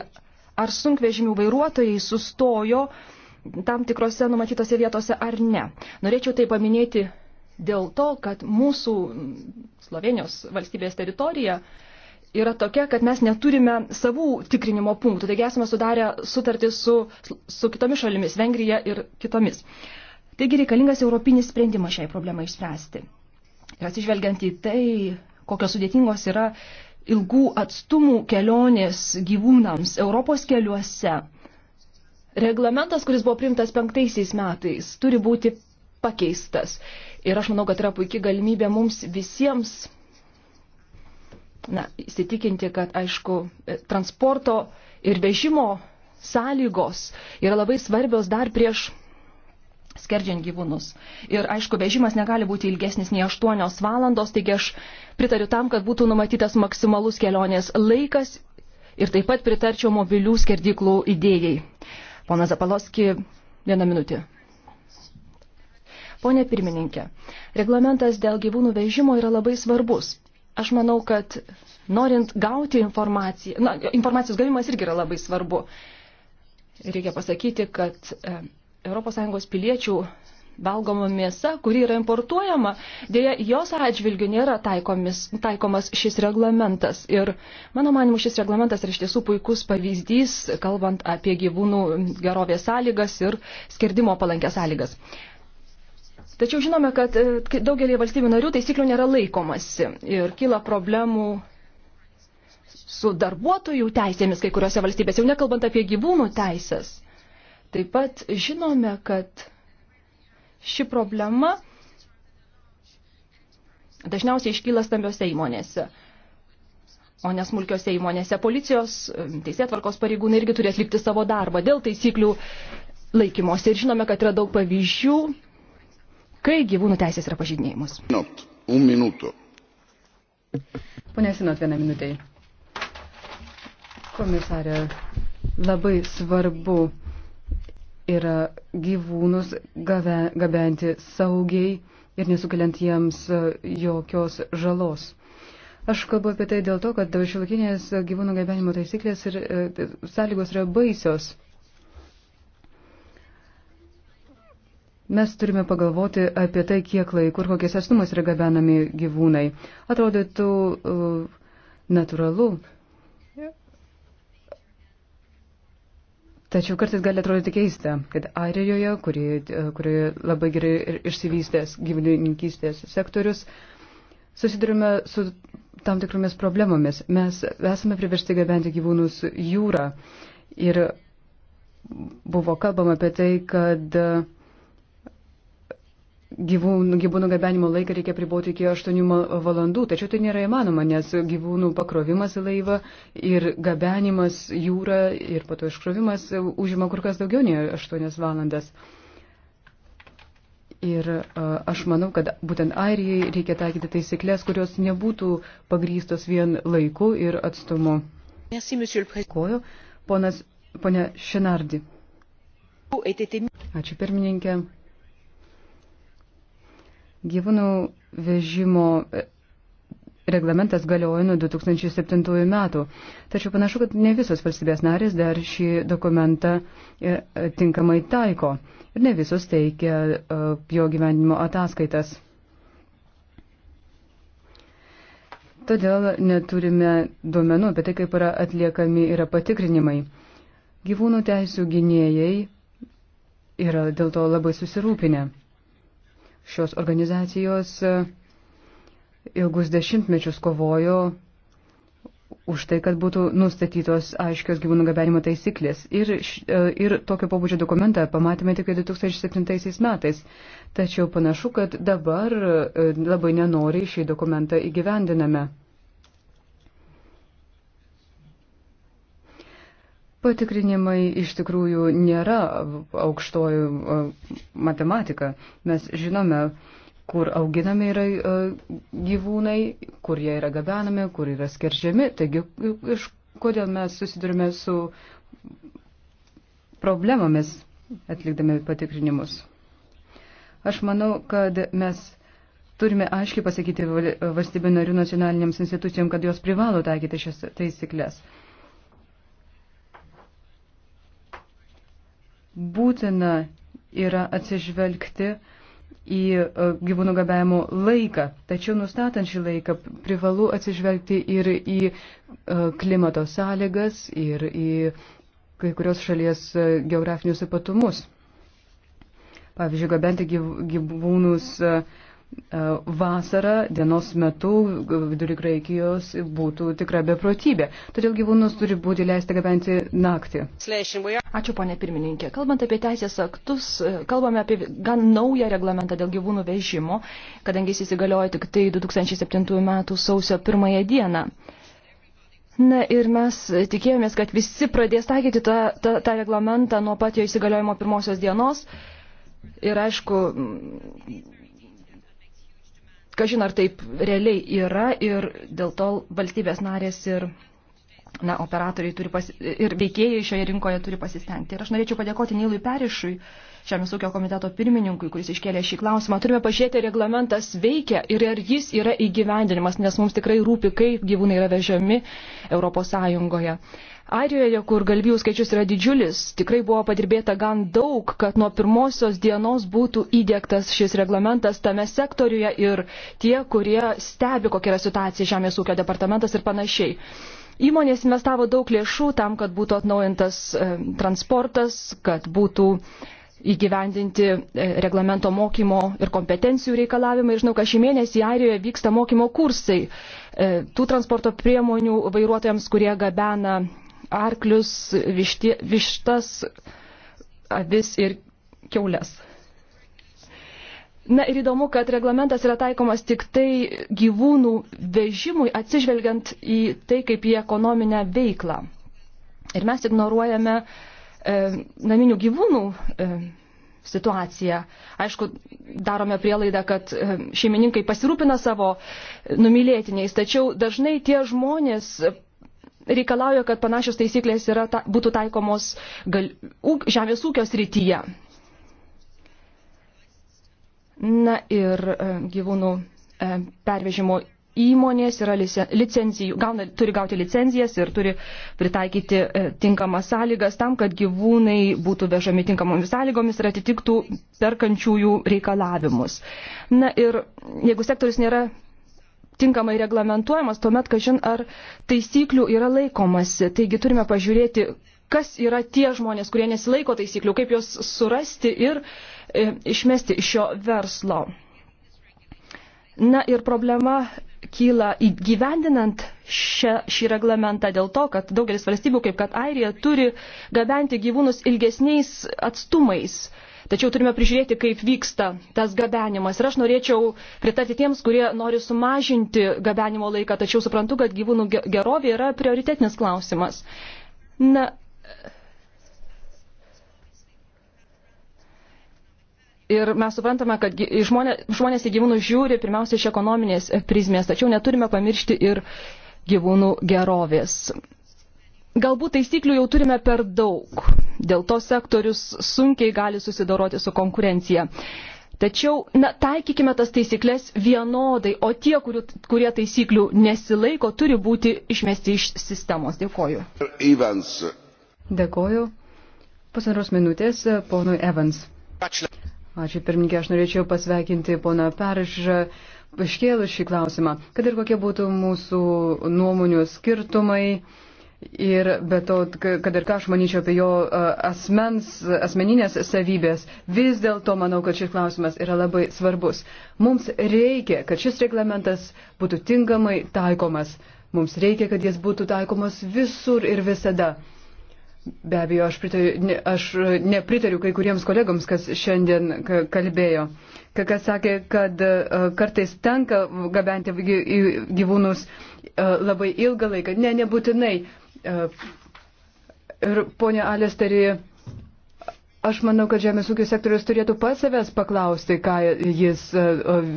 ar sunkvežimių vairuotojai sustojo tam tikrose numatytose vietose ar ne. Norėčiau tai paminėti dėl to, kad mūsų Slovenijos valstybės teritorija uh, yra tokia, kad mes neturime savų tikrinimo punktų. Taigi esame sudarę sutartį su, su kitomis šalimis, Vengrija ir kitomis. Taigi reikalingas europinis sprendimas šiai problemai išspręsti. Ir atsižvelgiant į tai, kokios sudėtingos yra ilgų atstumų kelionės gyvūnams Europos keliuose. Reglamentas, kuris buvo priimtas penktaisiais metais, turi būti pakeistas. Ir aš manau, kad yra puikia galimybė mums visiems na, įsitikinti, kad, aišku, transporto ir vežimo sąlygos yra labai svarbios dar prieš skerdžiant gyvūnus. Ir aišku, vežimas negali būti ilgesnis nei 8 valandos, taigi aš pritariu tam, kad būtų numatytas maksimalus kelionės laikas ir taip pat pritarčiau mobilių skerdyklų idėjai. Pona Zapaloski, vieną minutę. Pone pirmininkė, reglamentas dėl gyvūnų vežimo yra labai svarbus. Aš manau, kad norint gauti informaciją, na, informacijos gavimas irgi yra labai svarbu. Reikia pasakyti, kad ES piliečių valgoma mėsa, kuri yra importuojama, dėja jos atžvilgių nėra taikomis, taikomas šis reglamentas. Ir mano manimu, šis reglamentas yra iš tiesų puikus pavyzdys, kalbant apie gyvūnų gerovės sąlygas ir skerdimo palankės sąlygas. Tačiau žinome, kad e, daugelį valstybių narių taisyklių nėra laikomasi ir kyla problemų su darbuotojų teisėmis kai kuriuose valstybėse, jau nekalbant apie gyvūnų teisės. Taip pat žinome, kad ši problema dažniausiai iškyla stambiose įmonėse, o nesmulkiose įmonėse. Policijos, e, teisėtvarkos pareigūnai irgi turi atlikti savo darbą dėl taisyklių laikymosi. Ir žinome, kad yra daug pavyzdžių kai gyvūnų teisės yra pažydinėjimus. Not, un minuto. Pone Sinot, vieną minutę. Komisarė, labai svarbu yra gyvūnus gave, gabenti saugiai ir nesukeliant jiems e, jokios žalos. Aš kalbu apie tai dėl to, kad šilakinės gyvūnų gabenimo taisyklės ir e, sąlygos yra baisios. Mes turime pagalvoti apie tai, kiek laiko ir kokiais atstumais yra gabenami gyvūnai. Atrodytų uh, natūralu. Tačiau kartais gali atrodyti keista, kad Airijoje, kuri, uh, kuri labai gerai išsivystęs gyvulininkystės sektorius, susidurime su tam tikromis problemomis. Mes esame priversti gabenti gyvūnus jūrą. Ir buvo kalbama apie tai, kad uh, gyvūnų, gyvūnų gabenimo laiką reikia priboti iki 8 valandų, tačiau tai nėra įmanoma, nes gyvūnų pakrovimas į laivą ir gabenimas jūra ir pato iškrovimas užima kur kas daugiau nei 8 valandas. Ir aš manau, kad būtent Airijai reikia taikyti taisyklės, kurios nebūtų pagrystos vien laiku ir atstumu. Dėkuoju, ponas, ponia Šenardi. Ačiū pirmininkė. Gyvūnų vežimo e, reglamentas galioja nuo 2007 metų. Tačiau panašu, kad ne visos valstybės narės dar šį dokumentą e, e, tinkamai taiko ir ne visos teikia jo gyvenimo ataskaitas. Todėl neturime duomenų apie tai, kaip yra atliekami yra patikrinimai. Gyvūnų teisų gynėjai yra dėl to labai susirūpinę. Šios organizacijos e, ilgus dešimtmečius kovojo už tai, kad būtų nustatytos aiškios gyvūnų gabenimo taisyklės. Ir, e, ir tokio pobūdžio dokumentą pamatėme tik 2007 tai metais. Tačiau panašu, kad dabar e, labai nenoriai šį dokumentą įgyvendiname. Patikrinimai iš tikrųjų nėra aukštoji matematika. Mes žinome, kur auginami yra gyvūnai, kur jie yra gabenami, kur yra skeržiami. Taigi, iš kodėl mes susidurime su problemomis atlikdami patikrinimus. Aš manau, kad mes turime aiškiai pasakyti valstybių narių nacionaliniams institucijom, kad jos privalo taikyti šias taisyklės. būtina yra atsižvelgti į e, gyvūnų gabėjimo laiką. Tačiau nustatant šį laiką privalu atsižvelgti ir į e, klimato sąlygas, ir į kai kurios šalies e, geografinius ypatumus. Pavyzdžiui, gabenti gyvūnus uh, E, vasarą dienos metu vidurį Graikijos būtų tikra beprotybė. Todėl gyvūnus turi būti leisti gabenti naktį. Ačiū, ponė pirmininkė. Kalbant apie teisės aktus, e, kalbame apie gan naują reglamentą dėl gyvūnų vežimo, kadangi jis įsigaliojo tik tai 2007 m. sausio 1 dieną. Na ir mes tikėjomės, kad visi pradės taikyti tą, tą, tą reglamentą nuo pat jo įsigaliojimo pirmosios dienos. Ir aišku, kažin ar taip realiai yra ir dėl to valstybės narės ir na, operatoriai turi pasi... ir veikėjai šioje rinkoje turi pasistengti. Ir aš norėčiau padėkoti Nilui Perišui Žemės ūkio komiteto pirmininkui, kuris iškėlė šį klausimą. Turime pažiūrėti, reglamentas veikia ir ar jis yra įgyvendinimas, nes mums tikrai rūpi, kaip gyvūnai yra vežiami Europos Sąjungoje. Airijoje, kur galvijų skaičius yra didžiulis, tikrai buvo padirbėta gan daug, kad nuo pirmosios dienos būtų įdėktas šis reglamentas tame sektoriuje ir tie, kurie stebi, kokia yra situacija Žemės ūkio departamentas ir panašiai. Įmonės investavo daug lėšų tam, kad būtų atnaujintas e, transportas, kad būtų įgyvendinti e, reglamento mokymo ir kompetencijų reikalavimai. Žinau, kad šį mėnesį Airijoje vyksta mokymo kursai e, tų transporto priemonių vairuotojams, kurie gabena arklius, vištie, vištas, avis ir keulės. Na ir įdomu, kad reglamentas yra taikomas tik tai gyvūnų vežimui, atsižvelgiant į tai, kaip į ekonominę veiklą. Ir mes ignoruojame uh, E, naminių gyvūnų e, situaciją. Aišku, darome prielaidą, kad e, šeimininkai pasirūpina savo numylėtiniais, tačiau dažnai tie žmonės reikalauja, kad panašios taisyklės yra, ta, būtų taikomos gal, ūk, žemės ūkio srityje. Na ir gyvūnų pervežimo įmonės yra licencijų, gauna, turi gauti licencijas ir turi pritaikyti e, tinkamas sąlygas tam, kad gyvūnai būtų vežami tinkamomis sąlygomis ir atitiktų perkančiųjų reikalavimus. Na ir jeigu sektorius nėra tinkamai reglamentuojamas, tuomet, kažin, ar taisyklių yra laikomasi. Taigi turime pažiūrėti, kas yra tie žmonės, kurie nesilaiko taisyklių, kaip juos surasti ir e, išmesti iš šio verslo. Na ir problema kyla įgyvendinant šią, šį reglamentą dėl to, kad daugelis valstybių, kaip kad Airija, turi gabenti gyvūnus ilgesniais atstumais. Tačiau turime prižiūrėti, kaip vyksta tas gabenimas. Ir aš norėčiau pritarti tiems, kurie nori sumažinti gabenimo laiką, tačiau suprantu, kad gyvūnų gerovė yra prioritetinis klausimas. Na, Ir mes suprantame, kad žmonės, žmonės į gyvūnų žiūri pirmiausia iš ekonominės e, prizmės, tačiau neturime pamiršti ir gyvūnų gerovės. Galbūt taisyklių jau turime per daug, dėl to sektorius sunkiai gali susidoroti su konkurencija. Tačiau na, taikykime tas taisyklės vienodai, o tie, kurių, kurie taisyklių nesilaiko, turi būti išmesti iš sistemos. Dėkoju. Evans. Dėkoju. Pusantros minutės ponui Evans. Ačiū. Ačiū pirmininkė, aš norėčiau pasveikinti poną Peržą iškėlus šį klausimą, kad ir kokie būtų mūsų nuomonių skirtumai. Ir be to, kad ir ką aš manyčiau apie jo asmens, asmeninės savybės, vis dėlto manau, kad šis klausimas yra labai svarbus. Mums reikia, kad šis reglamentas būtų tinkamai taikomas. Mums reikia, kad jis būtų taikomas visur ir visada. Be abejo, aš, pritariu, ne, aš e, nepritariu kai kuriems kolegoms, kas šiandien kalbėjo. Kai kas sakė, kad e, kartais tenka gabenti gyvūnus e, labai ilgą laiką. Ne, nebūtinai. Ir ponia Alesteri, Aš manau, kad žemės ūkio sektorius turėtų pas savęs paklausti, ką jis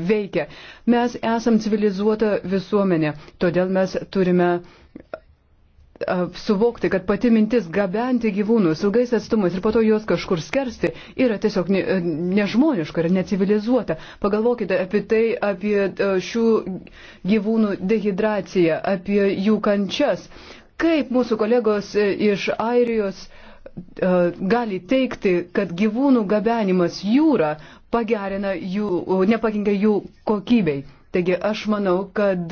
veikia. Mes esam civilizuota visuomenė, todėl mes turime suvokti, kad pati mintis gabenti gyvūnus ilgais atstumais ir po to juos kažkur skersti yra tiesiog ne, nežmoniška ir necivilizuota. Pagalvokite apie tai, apie šių gyvūnų dehidraciją, apie jų kančias. Kaip mūsų kolegos e, iš Airijos gali teikti, kad gyvūnų gabenimas jūra pagerina jų, nepakingia jų kokybei. Taigi aš manau, kad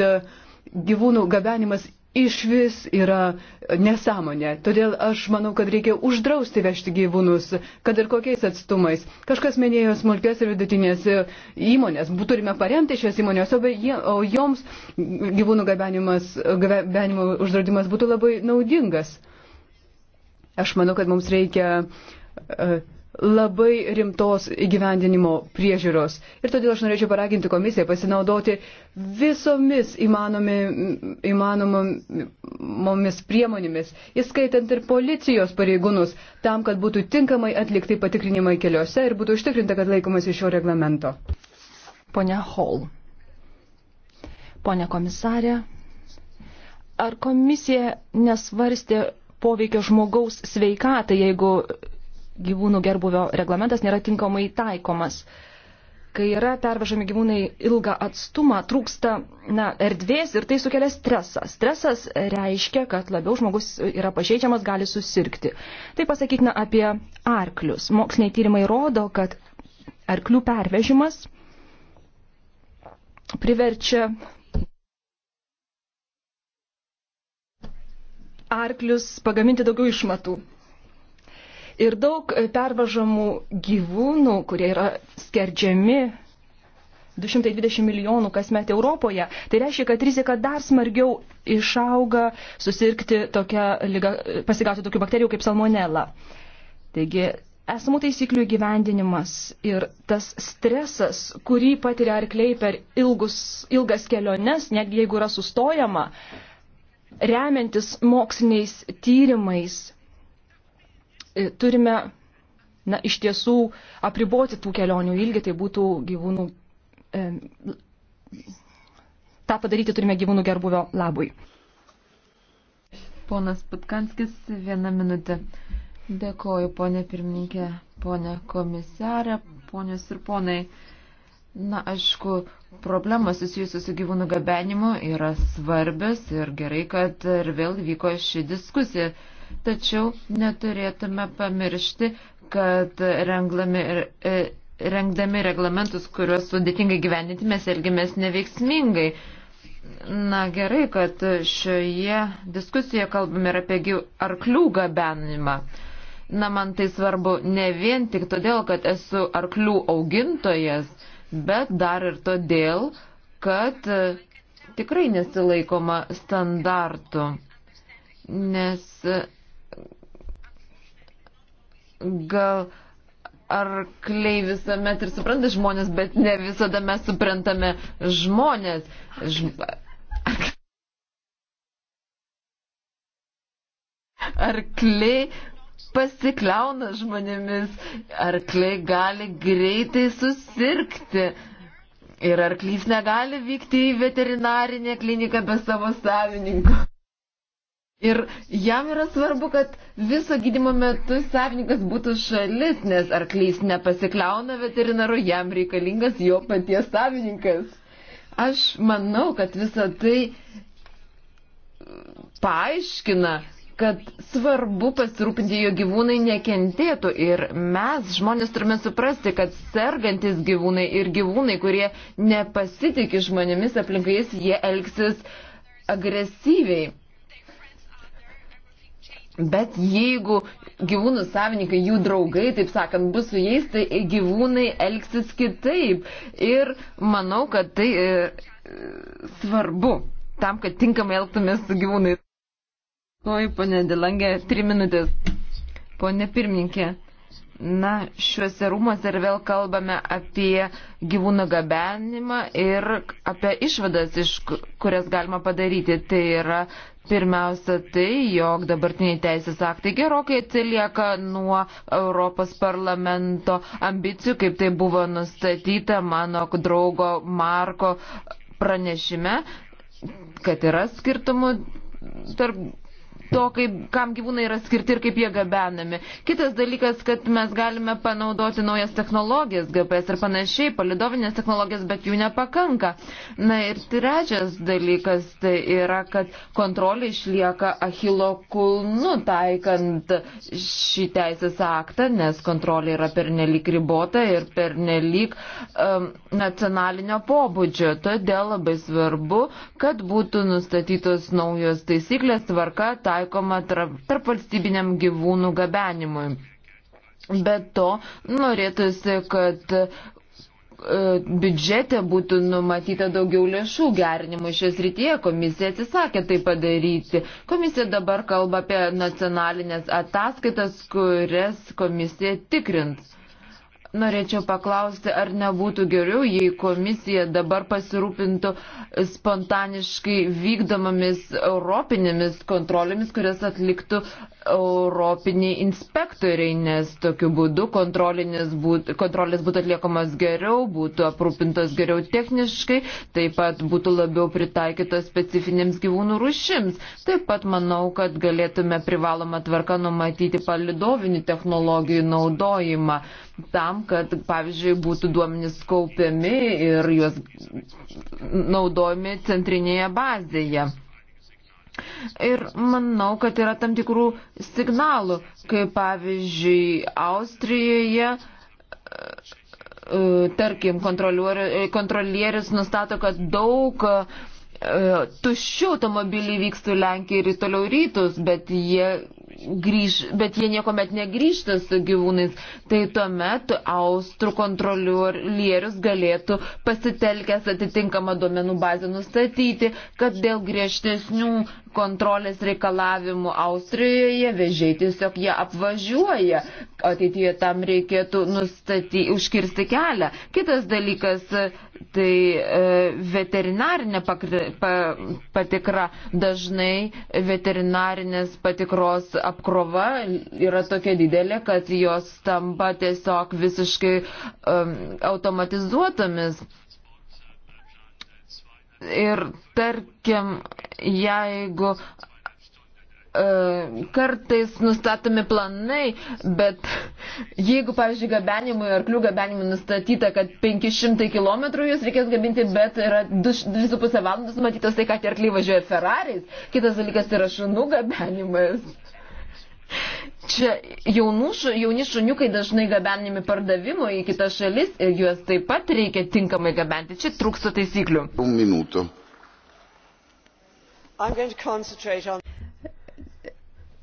gyvūnų gabenimas iš vis yra nesąmonė. Todėl aš manau, kad reikia uždrausti vežti gyvūnus, kad ir kokiais atstumais. Kažkas minėjo smulkės ir vidutinės įmonės. Turime paremti šias įmonės, o joms gyvūnų gabenimo uždraudimas būtų labai naudingas. Aš manau, kad mums reikia uh, labai rimtos įgyvendinimo priežiūros. Ir todėl aš norėčiau paraginti komisiją pasinaudoti visomis įmanomi, įmanomomis priemonėmis, įskaitant ir policijos pareigūnus, tam, kad būtų tinkamai atlikti patikrinimai keliuose ir būtų užtikrinta, kad laikomasi šio reglamento. Pone Hall. Pone komisarė, ar komisija nesvarstė poveikio žmogaus sveikatai, jeigu gyvūnų gerbuvio reglamentas nėra tinkamai taikomas. Kai yra pervežami gyvūnai ilgą atstumą, trūksta na, erdvės ir tai sukelia stresą. Stresas reiškia, kad labiau žmogus yra pažeidžiamas, gali susirgti. Tai pasakytina apie arklius. Moksliniai tyrimai rodo, kad arklių pervežimas priverčia arklius pagaminti daugiau išmatų ir daug e, pervažamų gyvūnų, kurie yra skerdžiami 220 milijonų kasmet Europoje. Tai reiškia, kad rizika dar smargiau išauga susirgti tokią lygą, pasigauti tokių bakterijų kaip salmonella. Taigi, esamų taisyklių įgyvendinimas ir tas stresas, kurį patiria arkliai per ilgus, ilgas keliones, netgi jeigu yra sustojama, remiantis moksliniais tyrimais, E, turime na, iš tiesų apriboti tų kelionių ilgį, tai būtų gyvūnų. E, tą padaryti turime gyvūnų gerbuvio labui. Ponas Putkanskis, vieną minutę. Dėkoju, ponė pirmininkė, ponė komisarė, ponės ir ponai. Na, aišku, problemos susijusios su gyvūnų gabenimu yra svarbios ir gerai, kad ir vėl vyko ši diskusija tačiau neturėtume pamiršti, kad renglami, e, rengdami reglamentus, kuriuos sudėtingai gyvendinti, mes elgiamės neveiksmingai. Na gerai, kad šioje diskusijoje kalbame ir apie arklių gabenimą. Na man tai svarbu ne vien tik todėl, kad esu arklių augintojas, bet dar ir todėl, kad e, tikrai nesilaikoma standartų. Nes e, Gal arkliai visuomet ir supranta žmonės, bet ne visada mes suprantame žmonės. Žm... Arkliai pasikliauna žmonėmis, arkliai gali greitai susirgti. Ir arklys negali vykti į veterinarinę kliniką be savo savininko. Ir jam yra svarbu, kad viso gydimo metu savininkas būtų šalis, nes arklys nepasikliauna veterinaru, jam reikalingas jo paties savininkas. Aš manau, kad visą tai paaiškina, kad svarbu pasirūpinti, jo gyvūnai nekentėtų. Ir mes, žmonės, turime suprasti, kad sergantis gyvūnai ir gyvūnai, kurie nepasitikė žmonėmis aplinkais, jie elgsis agresyviai. Bet jeigu gyvūnų savininkai, jų draugai, taip sakant, bus su jais, tai gyvūnai elgsis kitaip. Ir manau, kad tai e, e svarbu tam, kad tinkamai elgtumės su gyvūnais. Oi, ponė Dilangė, trim minutės. Pone pirmininkė, na, šiuose rūmose ir vėl kalbame apie gyvūnų gabenimą ir apie išvadas, iš kurias galima padaryti. Tai yra Pirmiausia tai, jog dabartiniai teisės aktai gerokai atsilieka nuo Europos parlamento ambicijų, kaip tai buvo nustatyta mano draugo Marko pranešime, kad yra skirtumų tarp to, kaip, kam gyvūnai yra skirti ir kaip jie gabenami. Kitas dalykas, kad mes galime panaudoti naujas technologijas, GPS ir panašiai, palidovinės technologijas, bet jų nepakanka. Na ir trečias dalykas tai yra, kad kontrolė išlieka Achilo kulnu taikant šį teisės aktą, nes kontrolė yra pernelyg ribota ir pernelyg um, nacionalinio pobūdžio. Todėl labai svarbu, kad būtų nustatytos naujos taisyklės tvarka, tai taikoma tarp, tarp valstybiniam gyvūnų gabenimui. Be to, norėtųsi, kad e, biudžete būtų numatyta daugiau lėšų gerinimui šios rytyje. Komisija atsisakė tai padaryti. Komisija dabar kalba apie nacionalinės ataskaitas, kurias komisija tikrins. Norėčiau paklausti, ar nebūtų geriau, jei komisija dabar pasirūpintų spontaniškai vykdomomis europinėmis kontrolėmis, kurias atliktų europiniai inspektoriai, nes tokiu būdu būt, kontrolės būtų atliekamas geriau, būtų aprūpintos geriau techniškai, taip pat būtų labiau pritaikytos specifinėms gyvūnų rušims. Taip pat manau, kad galėtume privalomą tvarką numatyti palidovinį technologijų naudojimą tam, kad, pavyzdžiui, būtų duomenys kaupiami ir juos naudojami centrinėje bazėje. Ir manau, kad yra tam tikrų signalų, kaip pavyzdžiui Austrijoje, e, tarkim, kontrolieris nustato, kad daug e, tuščių automobilių vykstų Lenkiją ir toliau rytus, bet jie grįž, bet jie niekuomet negrįžta su gyvūnais, tai tuomet austrų kontrolierius galėtų pasitelkęs atitinkamą duomenų bazę nustatyti, kad dėl griežtesnių kontrolės reikalavimų Austrijoje, vežiai tiesiog jie apvažiuoja. Ateityje tam reikėtų nustaty, užkirsti kelią. Kitas dalykas Tai e, veterinarinė pakri, pa, patikra dažnai veterinarinės patikros apkrova yra tokia didelė, kad jos tampa tiesiog visiškai e, automatizuotomis. Ir tarkim, jeigu e, kartais nustatomi planai, bet jeigu, pavyzdžiui, gabenimui, arklių gabenimui nustatyta, kad 500 km jūs reikės gabinti, bet yra 2,5 valandos matytas tai, kad tie arkliai važiuoja Ferrariais. Kitas dalykas yra šunų gabenimas. Čia jaunų, jauni šuniukai dažnai gabenimi pardavimo į kitas šalis ir juos taip pat reikia tinkamai gabenti. Čia trūksta taisyklių. Un minuto. On...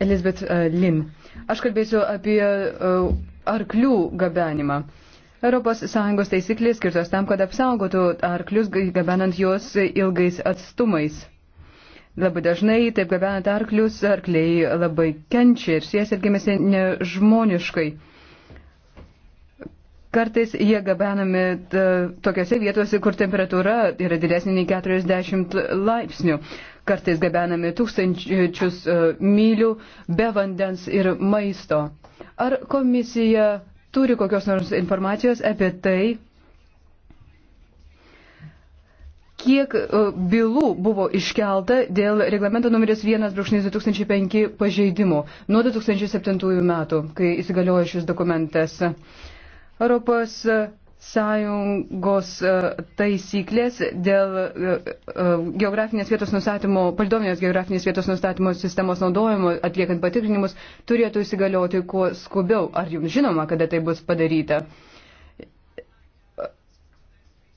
Elizabeth uh, Lin. Aš kalbėsiu apie uh, arklių gabenimą. ES taisyklės skirtos tam, kad apsaugotų arklius gabenant juos ilgais atstumais. Labai dažnai taip gabenant arklius, arkliai labai kenčia ir su jais elgiamasi nežmoniškai. Kartais jie gabenami tokiose vietose, kur temperatūra yra didesnė nei 40 laipsnių. Kartais gabenami tūkstančius e, mylių be vandens ir maisto. Ar komisija turi kokios nors informacijos apie tai, kiek e, bylų buvo iškelta dėl reglamento numeris 1.2005 pažeidimų nuo 2007 metų, kai įsigaliojo šis dokumentas. Europos sąjungos e, taisyklės dėl e, geografinės vietos nustatymo, paldominės geografinės vietos nustatymo sistemos naudojimo atliekant patikrinimus turėtų įsigalioti kuo skubiau. Ar jums žinoma, kada tai bus padaryta?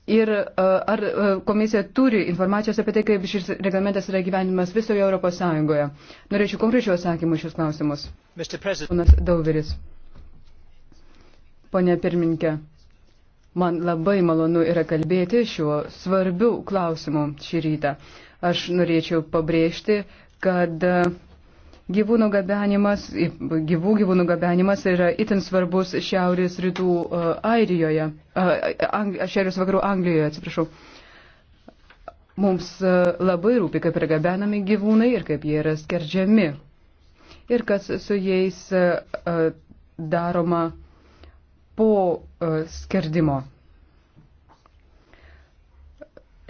Ir e, ar e, komisija turi informacijos apie tai, kaip šis reglamentas yra gyvenimas visoje Europos Sąjungoje? Norėčiau konkrečių atsakymų šios klausimus. Ponas Dauveris. Pone pirmininkė, man labai malonu yra kalbėti šiuo svarbiu klausimu šį rytą. Aš norėčiau pabrėžti, kad Gyvūnų gabenimas, gyvų gyvūnų gabenimas yra itin svarbus šiaurės rytų uh, Airijoje, uh, ang, šiaurės vakarų Anglijoje, atsiprašau. Mums uh, labai rūpi, kaip yra gabenami gyvūnai ir kaip jie yra skerdžiami. Ir kas su jais uh, daroma po uh, skerdimo.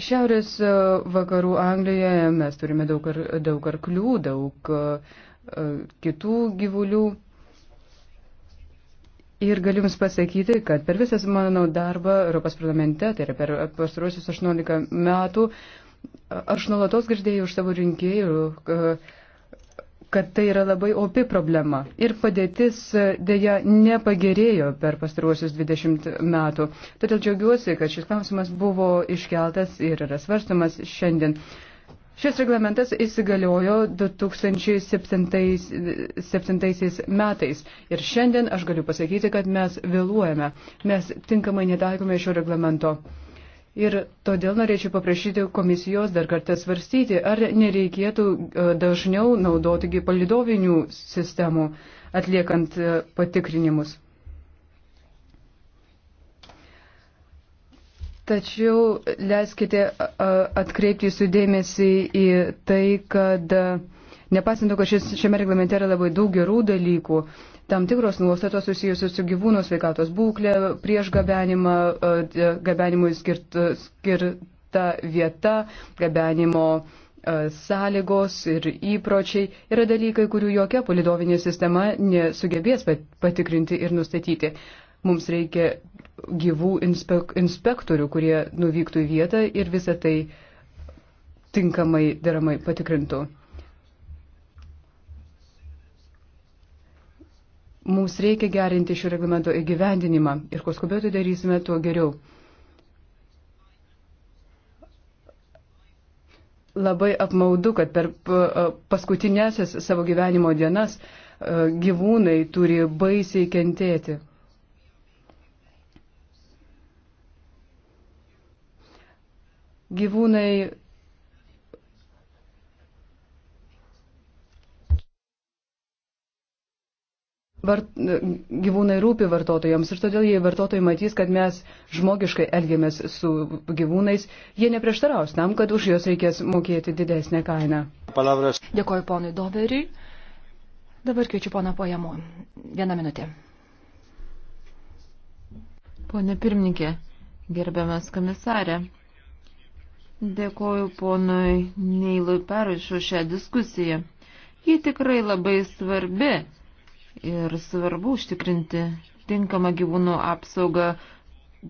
Šiaurės e, vakarų Anglijoje mes turime daug, ar, daug arklių, daug uh, kitų gyvulių. Ir galiu Jums pasakyti, kad per visas mano darbą Europos parlamente, tai yra per pastaruosius 18 metų, aš nuolatos girdėjau iš savo rinkėjų, uh, kad tai yra labai opi problema. Ir padėtis e, dėja nepagerėjo per pastaruosius 20 metų. Todėl džiaugiuosi, kad šis klausimas buvo iškeltas ir yra svarstamas šiandien. Šis reglamentas įsigaliojo 2007 metais ir šiandien aš galiu pasakyti, kad mes vėluojame, mes tinkamai netaikome šio reglamento. Ir todėl norėčiau paprašyti komisijos dar kartą svarstyti, ar nereikėtų e, dažniau naudoti palidovinių sistemų atliekant e, patikrinimus. Tačiau leiskite atkreipti jūsų dėmesį į tai, kad Nepaisant to, kad šis, šiame reglamente yra labai daug gerų dalykų, tam tikros nuostatos susijusios su gyvūnų sveikatos būklė, prieš gabenimą, e, gabenimui skirt, skirta vieta, gabenimo e, sąlygos ir įpročiai yra dalykai, kurių jokia palidovinė sistema nesugebės patikrinti ir nustatyti. Mums reikia gyvų inspek inspektorių, kurie nuvyktų į vietą ir visą tai tinkamai deramai patikrintų. Mums reikia gerinti šio reglamento įgyvendinimą ir kuo skubiau tai darysime, tuo geriau. Labai apmaudu, kad per paskutinėsias savo gyvenimo dienas gyvūnai turi baisiai kentėti. Gyvūnai vart, gyvūnai rūpi vartotojams ir todėl jei vartotojai matys, kad mes žmogiškai elgiamės su gyvūnais, jie neprieštaraus tam, kad už juos reikės mokėti didesnę kainą. Palavras. Dėkoju ponui Doveriui. Dabar kviečiu poną Pojamų. Vieną minutę. Pone pirmininkė, gerbiamas komisarė, dėkoju ponui Neilui Perui šią diskusiją. Ji tikrai labai svarbi Ir svarbu užtikrinti tinkamą gyvūnų apsaugą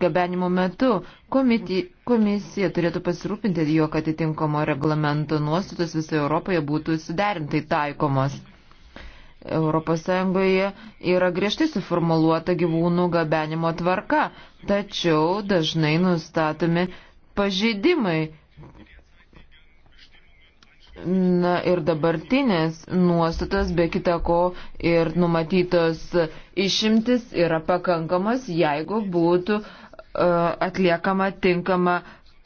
gabenimo metu. Komiti, komisija turėtų pasirūpinti, jog atitinkamo reglamento nuostatos visoje Europoje būtų suderintai taikomos. ES yra griežtai suformuoluota gyvūnų gabenimo tvarka, tačiau dažnai nustatomi pažeidimai Na ir dabartinės nuostatas, be kita ko, ir numatytos išimtis yra pakankamas, jeigu būtų uh, atliekama tinkama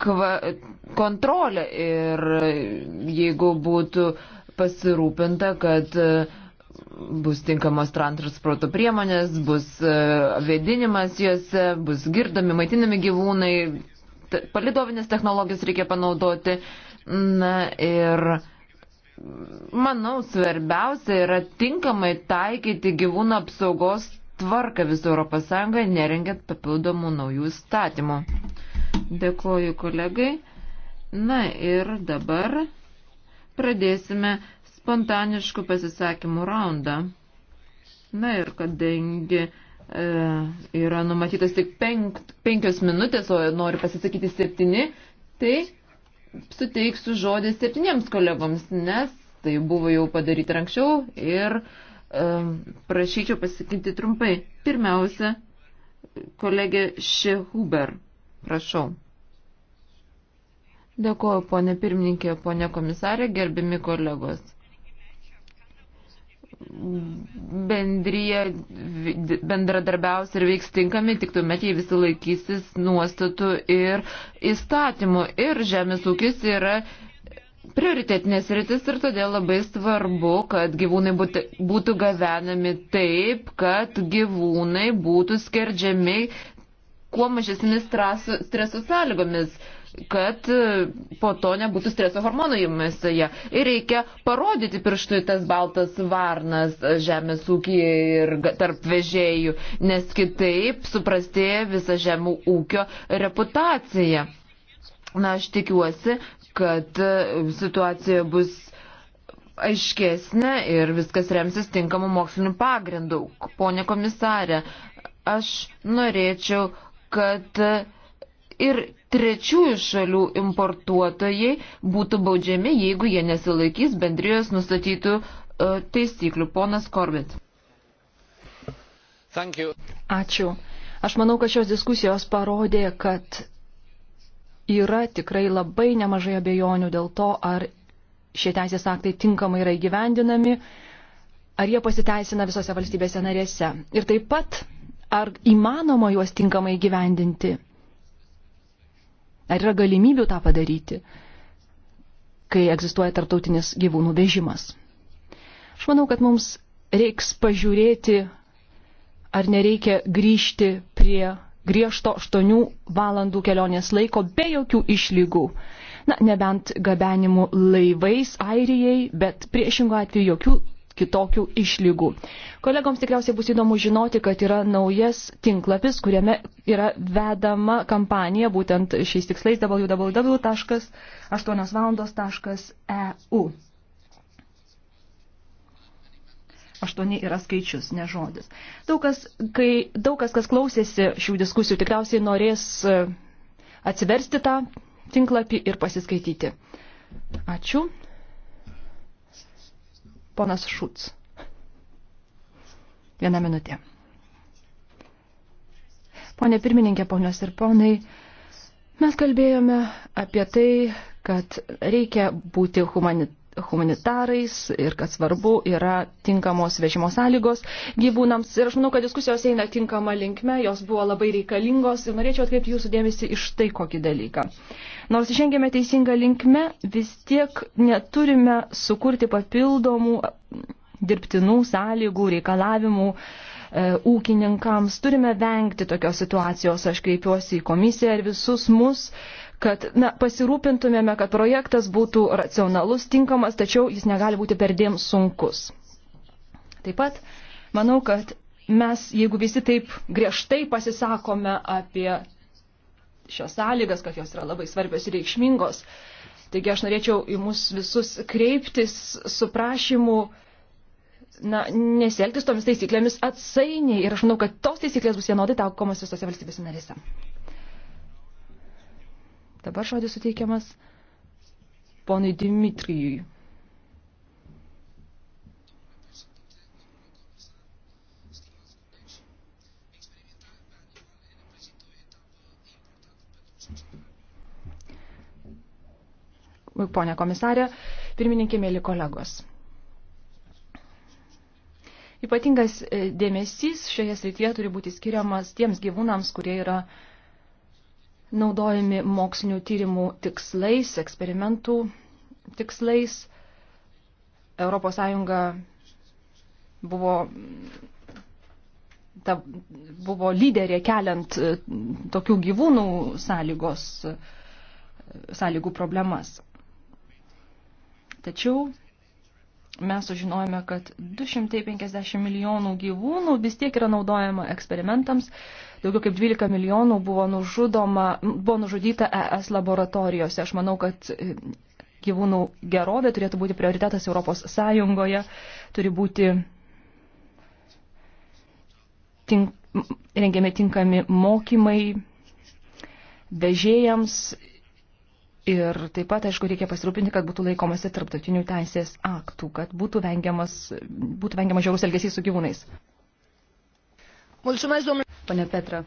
kva, kontrolė ir jeigu būtų pasirūpinta, kad uh, bus tinkamos transporto priemonės, bus uh, e, vedinimas juose, bus girdomi, maitinami gyvūnai, palidovinės technologijas reikia panaudoti. Uh, Na ir manau, svarbiausia yra tinkamai taikyti gyvūnų apsaugos tvarką visų ES, nerengiant papildomų naujų statymų. Dėkuoju kolegai. Na ir dabar pradėsime spontaniškų pasisakymų raundą. Na ir kadangi e, yra numatytas tik penk, penkios minutės, o nori pasisakyti septyni, tai suteiksiu žodį septyniems kolegoms, nes tai buvo jau padaryti anksčiau ir um, prašyčiau pasikinti trumpai. Pirmiausia, kolegė Šehuber, prašau. Dėkuoju, ponė pirmininkė, ponė komisarė, gerbimi kolegos bendryje bendradarbiaus ir veiks tinkami, tik tuomet jie visi laikysis nuostatų ir įstatymų. Ir žemės ūkis yra prioritetinės rytis ir todėl labai svarbu, kad gyvūnai būtų, būtų gavenami taip, kad gyvūnai būtų skerdžiami kuo mažesnis streso sąlygomis kad e, po to nebūtų streso hormonų jumisoje. Ir reikia parodyti pirštų į tas baltas varnas e, žemės ūkyje ir tarp vežėjų, nes kitaip suprastėja visa žemų ūkio reputacija. Na, aš tikiuosi, kad e, situacija bus aiškesnė ir viskas remsis tinkamų mokslinių pagrindų. Pone komisarė, aš norėčiau, kad ir trečiųjų šalių importuotojai būtų baudžiami, jeigu jie nesilaikys bendrijos nustatytų e, taisyklių. Ponas Korbit. Ačiū. Aš manau, kad šios diskusijos parodė, kad yra tikrai labai nemažai abejonių dėl to, ar šie teisės aktai tinkamai yra įgyvendinami, ar jie pasiteisina visose valstybėse narėse. Ir taip pat, ar įmanoma juos tinkamai įgyvendinti Ar yra galimybių tą padaryti, kai egzistuoja tartautinis gyvūnų vežimas? Aš manau, kad mums reiks pažiūrėti, ar nereikia grįžti prie griežto 8 valandų kelionės laiko be jokių išlygų. Na, nebent gabenimu laivais Airijai, bet priešingų atveju jokių kitokių išlygų. Kolegoms tikriausiai bus įdomu žinoti, kad yra naujas tinklapis, kuriame yra vedama kampanija būtent šiais tikslais www.8valandos.eu. 8 yra skaičius, ne žodis. Daug kas, kai, daug kas, kas klausėsi šių diskusijų, tikriausiai norės e, atsiversti tą tinklapį ir pasiskaityti. Ačiū. Ponas Šūts. Viena minutė. Pone pirmininkė, ponios ir ponai, mes kalbėjome apie tai, kad reikia būti humanit humanitarais ir kad svarbu yra tinkamos vežimo sąlygos gyvūnams. Ir aš manau, kad diskusijos eina tinkama linkme, jos buvo labai reikalingos ir norėčiau atkreipti jūsų dėmesį iš tai kokį dalyką. Nors žengėme teisingą linkme, vis tiek neturime sukurti papildomų dirbtinų sąlygų, reikalavimų e, ūkininkams. Turime vengti tokios situacijos. Aš kreipiuosi į komisiją ir visus mus kad na, pasirūpintumėme, kad projektas būtų racionalus, tinkamas, tačiau jis negali būti perdėm sunkus. Taip pat manau, kad mes, jeigu visi taip griežtai pasisakome apie šios sąlygas, kad jos yra labai svarbios ir reikšmingos, taigi aš norėčiau į mus visus kreiptis su prašymu na, nesielgtis tomis taisyklėmis atsainiai ir aš manau, kad tos taisyklės bus vienodai taukomos visose valstybėse narėse. Dabar žodis suteikiamas ponui Dimitrijui. Pone komisarė, pirmininkė mėly kolegos. Ypatingas dėmesys šioje srityje turi būti skiriamas tiems gyvūnams, kurie yra uh, naudojami mokslinių tyrimų tikslais, eksperimentų tikslais. ES buvo, ta, buvo lyderė keliant e, tokių gyvūnų sąlygos, e, sąlygų problemas. Tačiau mes sužinojome, kad 250 milijonų gyvūnų vis tiek yra naudojama eksperimentams. Daugiau kaip 12 milijonų buvo, nužudoma, buvo nužudyta ES laboratorijose. Aš manau, kad e, gyvūnų gerovė turėtų būti prioritetas Europos Sąjungoje, turi būti tink, rengiami tinkami mokymai vežėjams Ir taip pat, aišku, reikia pasirūpinti, kad būtų laikomasi tarptautinių teisės aktų, kad būtų vengiamas, būtų vengiamas žiaurus elgesys su gyvūnais. Mulțumesc, domnule. Pane Petra.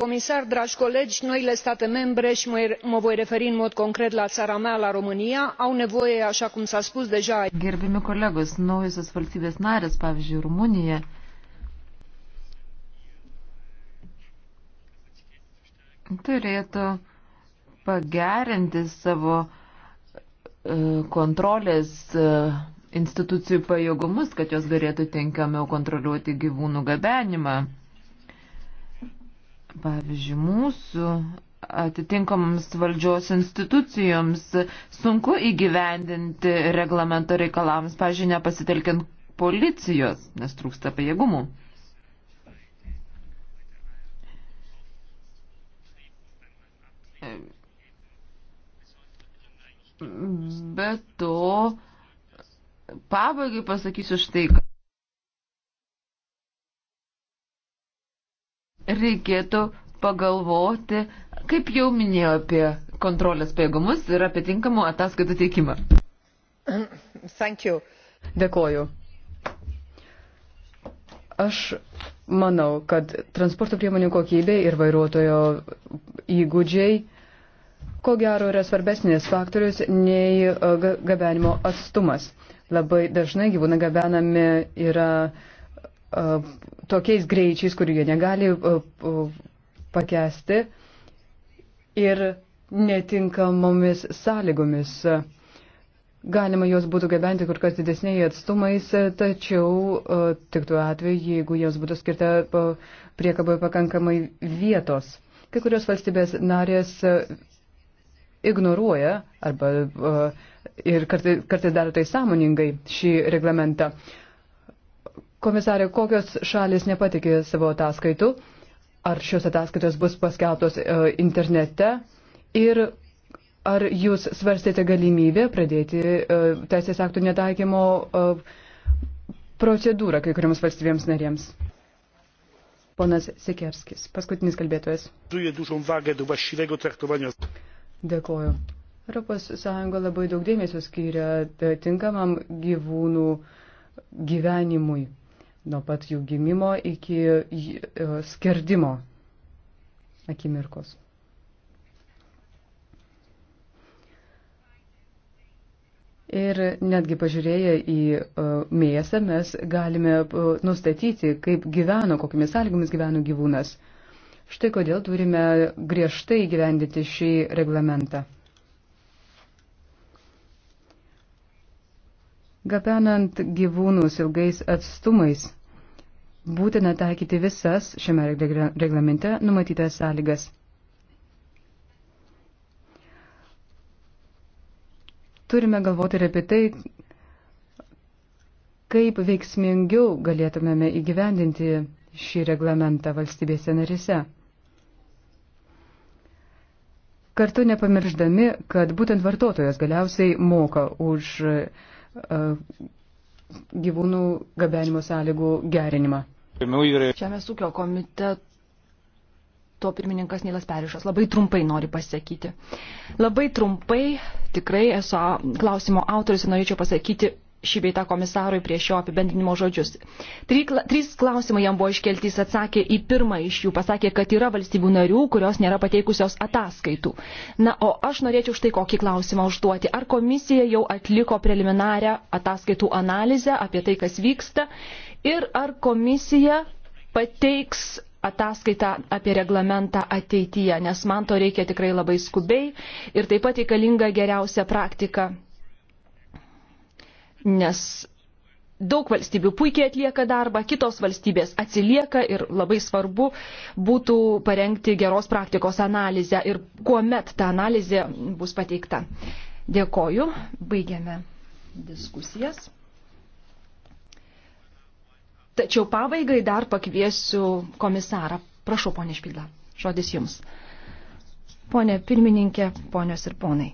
Comisar, dragi colegi, noile state membre, și mă, mă voi referi în mod concret la țara mea, la România, au nevoie, așa cum s-a spus deja. Gerbimi kolegos, naujosios valstybės narės, pavyzdžiui, Rumunija, turėtų pagerinti savo e, kontrolės e, institucijų pajėgumus, kad jos galėtų tinkamiau kontroliuoti gyvūnų gabenimą. Pavyzdžiui, mūsų atitinkamams valdžios institucijoms sunku įgyvendinti reglamento reikalams, pažiūrėjau, nepasitelkiant policijos, nes trūksta pajėgumų. Be to, pabaigai pasakysiu štai, kad reikėtų pagalvoti, kaip jau minėjau apie kontrolės pajėgumus ir apie tinkamų ataskaitų teikimą. Dėkoju. Aš manau, kad transporto priemonių kokybė ir vairuotojo įgūdžiai ko gero yra svarbesnis faktorius nei e, gabenimo atstumas. Labai dažnai gyvūnai gabenami yra e, tokiais greičiais, kurių jie negali e, pakesti ir netinkamomis sąlygomis. Galima jos būtų gabenti kur kas didesniai atstumais, tačiau tik tuo atveju, jeigu jos būtų skirta priekaboje pakankamai vietos. Kai kurios valstybės narės ignoruoja arba e, ir kartais, kartais daro tai sąmoningai šį reglamentą. Komisarė, kokios šalis nepatikė savo ataskaitų, ar šios ataskaitos bus paskeltos e, internete ir ar jūs svarstėte galimybę pradėti e, teisės aktų netaikymo procedūrą kai kuriams valstybėms narėms? Ponas Sikerskis, paskutinis kalbėtojas. Dėkoju. ES labai daug dėmesio skiria e, tinkamam gyvūnų gyvenimui, nuo pat jų gimimo iki e, skerdimo akimirkos. Ir netgi pažiūrėję į e, mėsą mes galime nustatyti, kaip gyveno, kokiamis sąlygomis gyveno gyvūnas. Štai kodėl turime griežtai gyvendyti šį reglamentą. Gabenant gyvūnus ilgais atstumais, būtina taikyti visas šiame reglamente numatytas sąlygas. Turime galvoti ir apie tai, kaip veiksmingiau galėtumėme įgyvendinti šį reglamentą valstybėse narise kartu nepamirždami, kad būtent vartotojas galiausiai moka už e, gyvūnų gabenimo sąlygų gerinimą. Žemės ūkio komiteto pirmininkas Neilas Perišas labai trumpai nori pasakyti. Labai trumpai, tikrai esu klausimo autoris ir norėčiau pasakyti šį beitą komisarui prieš jo apibendrinimo žodžius. Trys klausimai jam buvo iškelti, jis atsakė į pirmą iš jų, pasakė, kad yra valstybių narių, kurios nėra pateikusios ataskaitų. Na, o aš norėčiau štai kokį klausimą užduoti. Ar komisija jau atliko preliminarią ataskaitų analizę apie tai, kas vyksta, ir ar komisija pateiks ataskaitą apie reglamentą ateityje, nes man to reikia tikrai labai skubiai ir taip pat reikalinga geriausia praktika nes daug valstybių puikiai atlieka darbą, kitos valstybės atsilieka ir labai svarbu būtų parengti geros praktikos analizę ir kuomet ta analizė bus pateikta. Dėkoju, baigiame diskusijas. Tačiau pabaigai dar pakviesiu komisarą. Prašau, ponė Špidla, žodis jums. Pone pirmininkė, ponios ir ponai.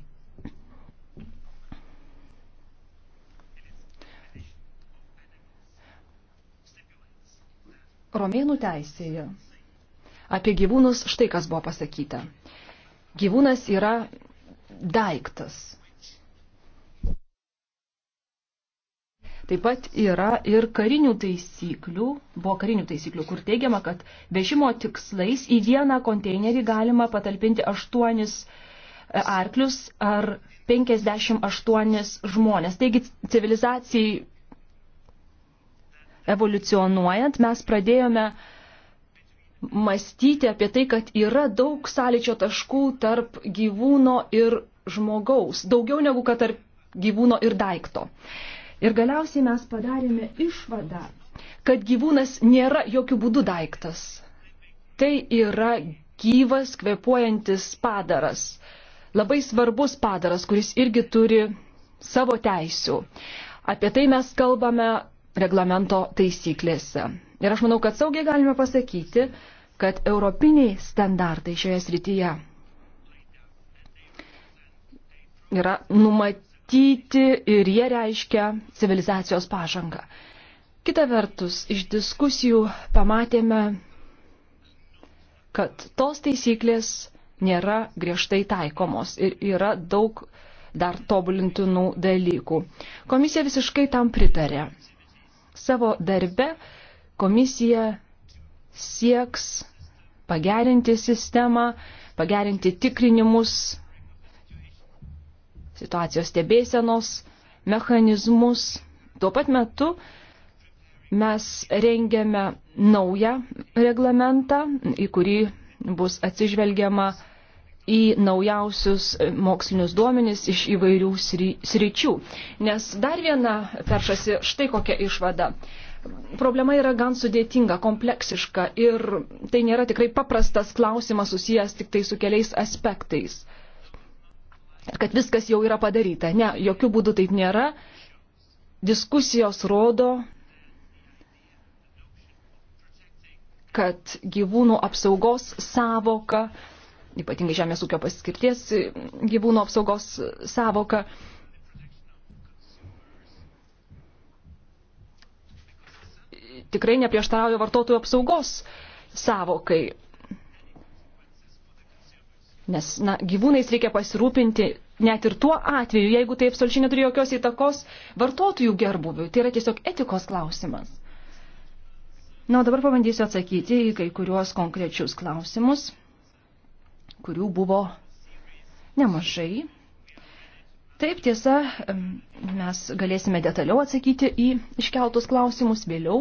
Romėnų teisėje apie gyvūnus štai kas buvo pasakyta. Gyvūnas yra daiktas. Taip pat yra ir karinių taisyklių, buvo karinių taisyklių, kur teigiama, kad vežimo tikslais į vieną konteinerį galima patalpinti 8 e, arklius ar 58 žmonės. Taigi civilizacijai evoliucionuojant, mes pradėjome mąstyti apie tai, kad yra daug sąlyčio taškų tarp gyvūno ir žmogaus, daugiau negu kad tarp gyvūno ir daikto. Ir galiausiai mes padarėme išvadą, kad gyvūnas nėra jokių būdų daiktas. Tai yra gyvas, kvepuojantis padaras. Labai svarbus padaras, kuris irgi turi savo teisių. Apie tai mes kalbame reglamento taisyklėse. Ir aš manau, kad saugiai galime pasakyti, kad europiniai standartai šioje srityje yra numatyti ir jie reiškia civilizacijos pažangą. Kita vertus, iš diskusijų pamatėme, kad tos taisyklės nėra griežtai taikomos ir yra daug dar tobulintinų dalykų. Komisija visiškai tam pritarė. Savo darbe komisija sieks pagerinti sistemą, pagerinti tikrinimus, situacijos stebėsenos mechanizmus. Tuo pat metu mes rengiame naują reglamentą, į kurį bus atsižvelgiama į naujausius e, mokslinius duomenis iš įvairių sričių. Nes dar viena peršasi štai kokia išvada. Problema yra gan sudėtinga, kompleksiška ir tai nėra tikrai paprastas klausimas susijęs tik tai su keliais aspektais. Ir kad viskas jau yra padaryta. Ne, jokių būdų taip nėra. Diskusijos rodo, kad gyvūnų apsaugos savoka ypatingai žemės ūkio paskirties gyvūnų apsaugos savoka. Tikrai neprieštarauja vartotojų apsaugos savokai. Nes na, gyvūnais reikia pasirūpinti net ir tuo atveju, jeigu tai absoliučiai neturi jokios įtakos vartotojų gerbuvių. Tai yra tiesiog etikos klausimas. Na, o dabar pabandysiu atsakyti į kai kuriuos konkrečius klausimus kurių buvo nemažai. Taip tiesa, mes galėsime detaliau atsakyti į iškeltus klausimus vėliau,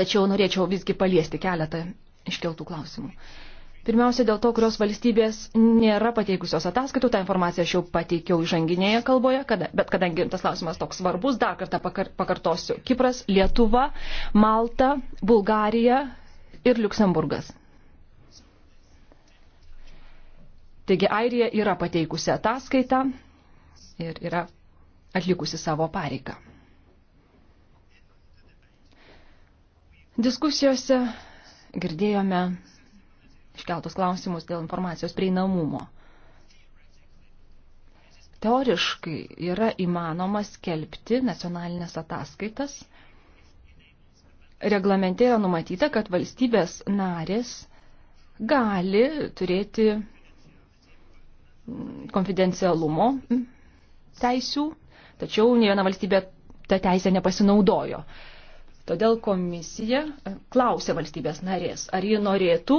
tačiau norėčiau visgi paliesti keletą iškeltų klausimų. Pirmiausia, dėl to, kurios valstybės nėra pateikusios ataskaitų, tą informaciją aš jau pateikiau įžanginėje kalboje, kada, bet kadangi tas klausimas toks svarbus, dar kartą pakar, pakartosiu. Kipras, Lietuva, Malta, Bulgarija ir Luksemburgas. Taigi Airija yra pateikusi ataskaitą ir yra atlikusi savo pareigą. Diskusijose girdėjome iškeltus klausimus dėl informacijos prieinamumo. Teoriškai yra įmanoma skelbti nacionalinės ataskaitas. Reglamente yra numatyta, kad valstybės narės gali turėti konfidencialumo teisių, tačiau ne viena valstybė tą teisę nepasinaudojo. Todėl komisija e, klausė valstybės narės, ar ji norėtų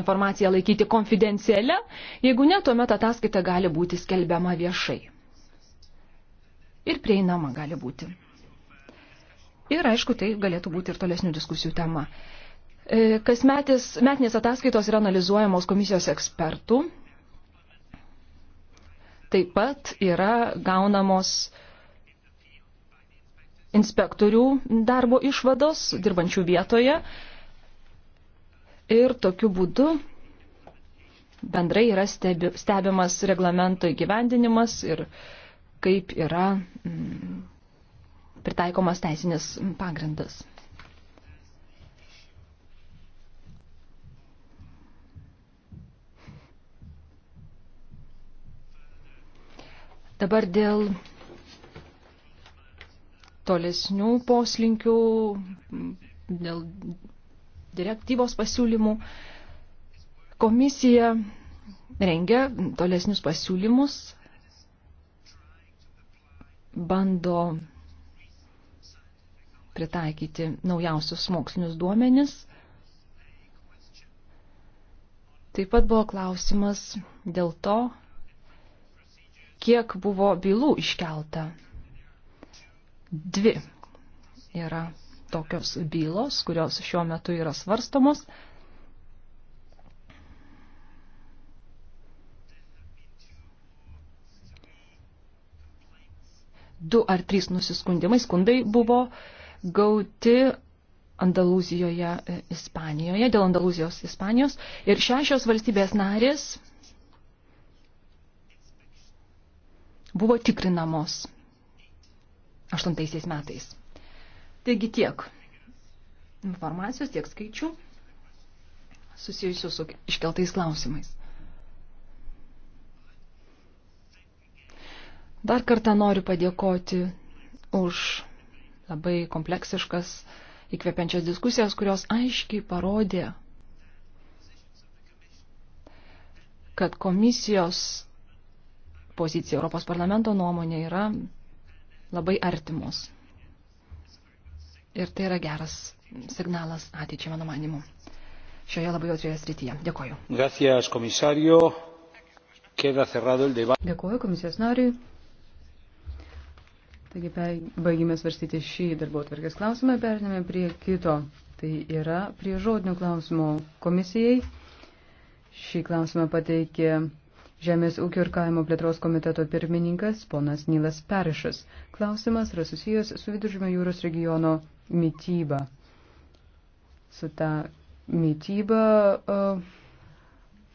informaciją laikyti konfidencialią, jeigu ne, tuomet ataskaita gali būti skelbiama viešai. Ir prieinama gali būti. Ir aišku, tai galėtų būti ir tolesnių diskusijų tema. E, kasmetis, metinės ataskaitos yra analizuojamos komisijos ekspertų taip pat yra gaunamos inspektorių darbo išvados, dirbančių vietoje. Ir tokiu būdu bendrai yra stebi, stebimas reglamento įgyvendinimas ir kaip yra mm, pritaikomas teisinis pagrindas. Dabar dėl tolesnių poslinkių, dėl direktyvos pasiūlymų. Komisija rengia tolesnius pasiūlymus, bando pritaikyti naujausius mokslinius duomenis. Taip pat buvo klausimas dėl to, kiek buvo bylų iškelta. Dvi yra tokios bylos, kurios šiuo metu yra svarstomos. Du ar trys nusiskundimai, skundai buvo gauti Andalūzijoje, e, Ispanijoje, dėl Andalūzijos Ispanijos ir šešios valstybės narės buvo tikrinamos 2008 metais. Taigi tiek informacijos, tiek skaičių susijusių su iškeltais klausimais. Dar kartą noriu padėkoti už labai kompleksiškas įkvepiančias diskusijas, kurios aiškiai parodė, kad komisijos pozicija Europos parlamento nuomonė yra labai artimos. Ir tai yra geras signalas ateičiai, mano manimu, šioje labai jautrioje srityje. Dėkoju. Gracias, komisario. Queda cerrado el debate. Dėkoju komisijos nariui. Taigi, baigime svarstyti šį darbo atvarkės klausimą, periname prie kito. Tai yra prie žodinių klausimų komisijai. Šį klausimą pateikė Žemės ūkio ir kaimo plėtros komiteto pirmininkas ponas Nilas Perišas. Klausimas yra susijęs su Viduržmio jūros regiono mytyba. Su ta mytyba. Uh,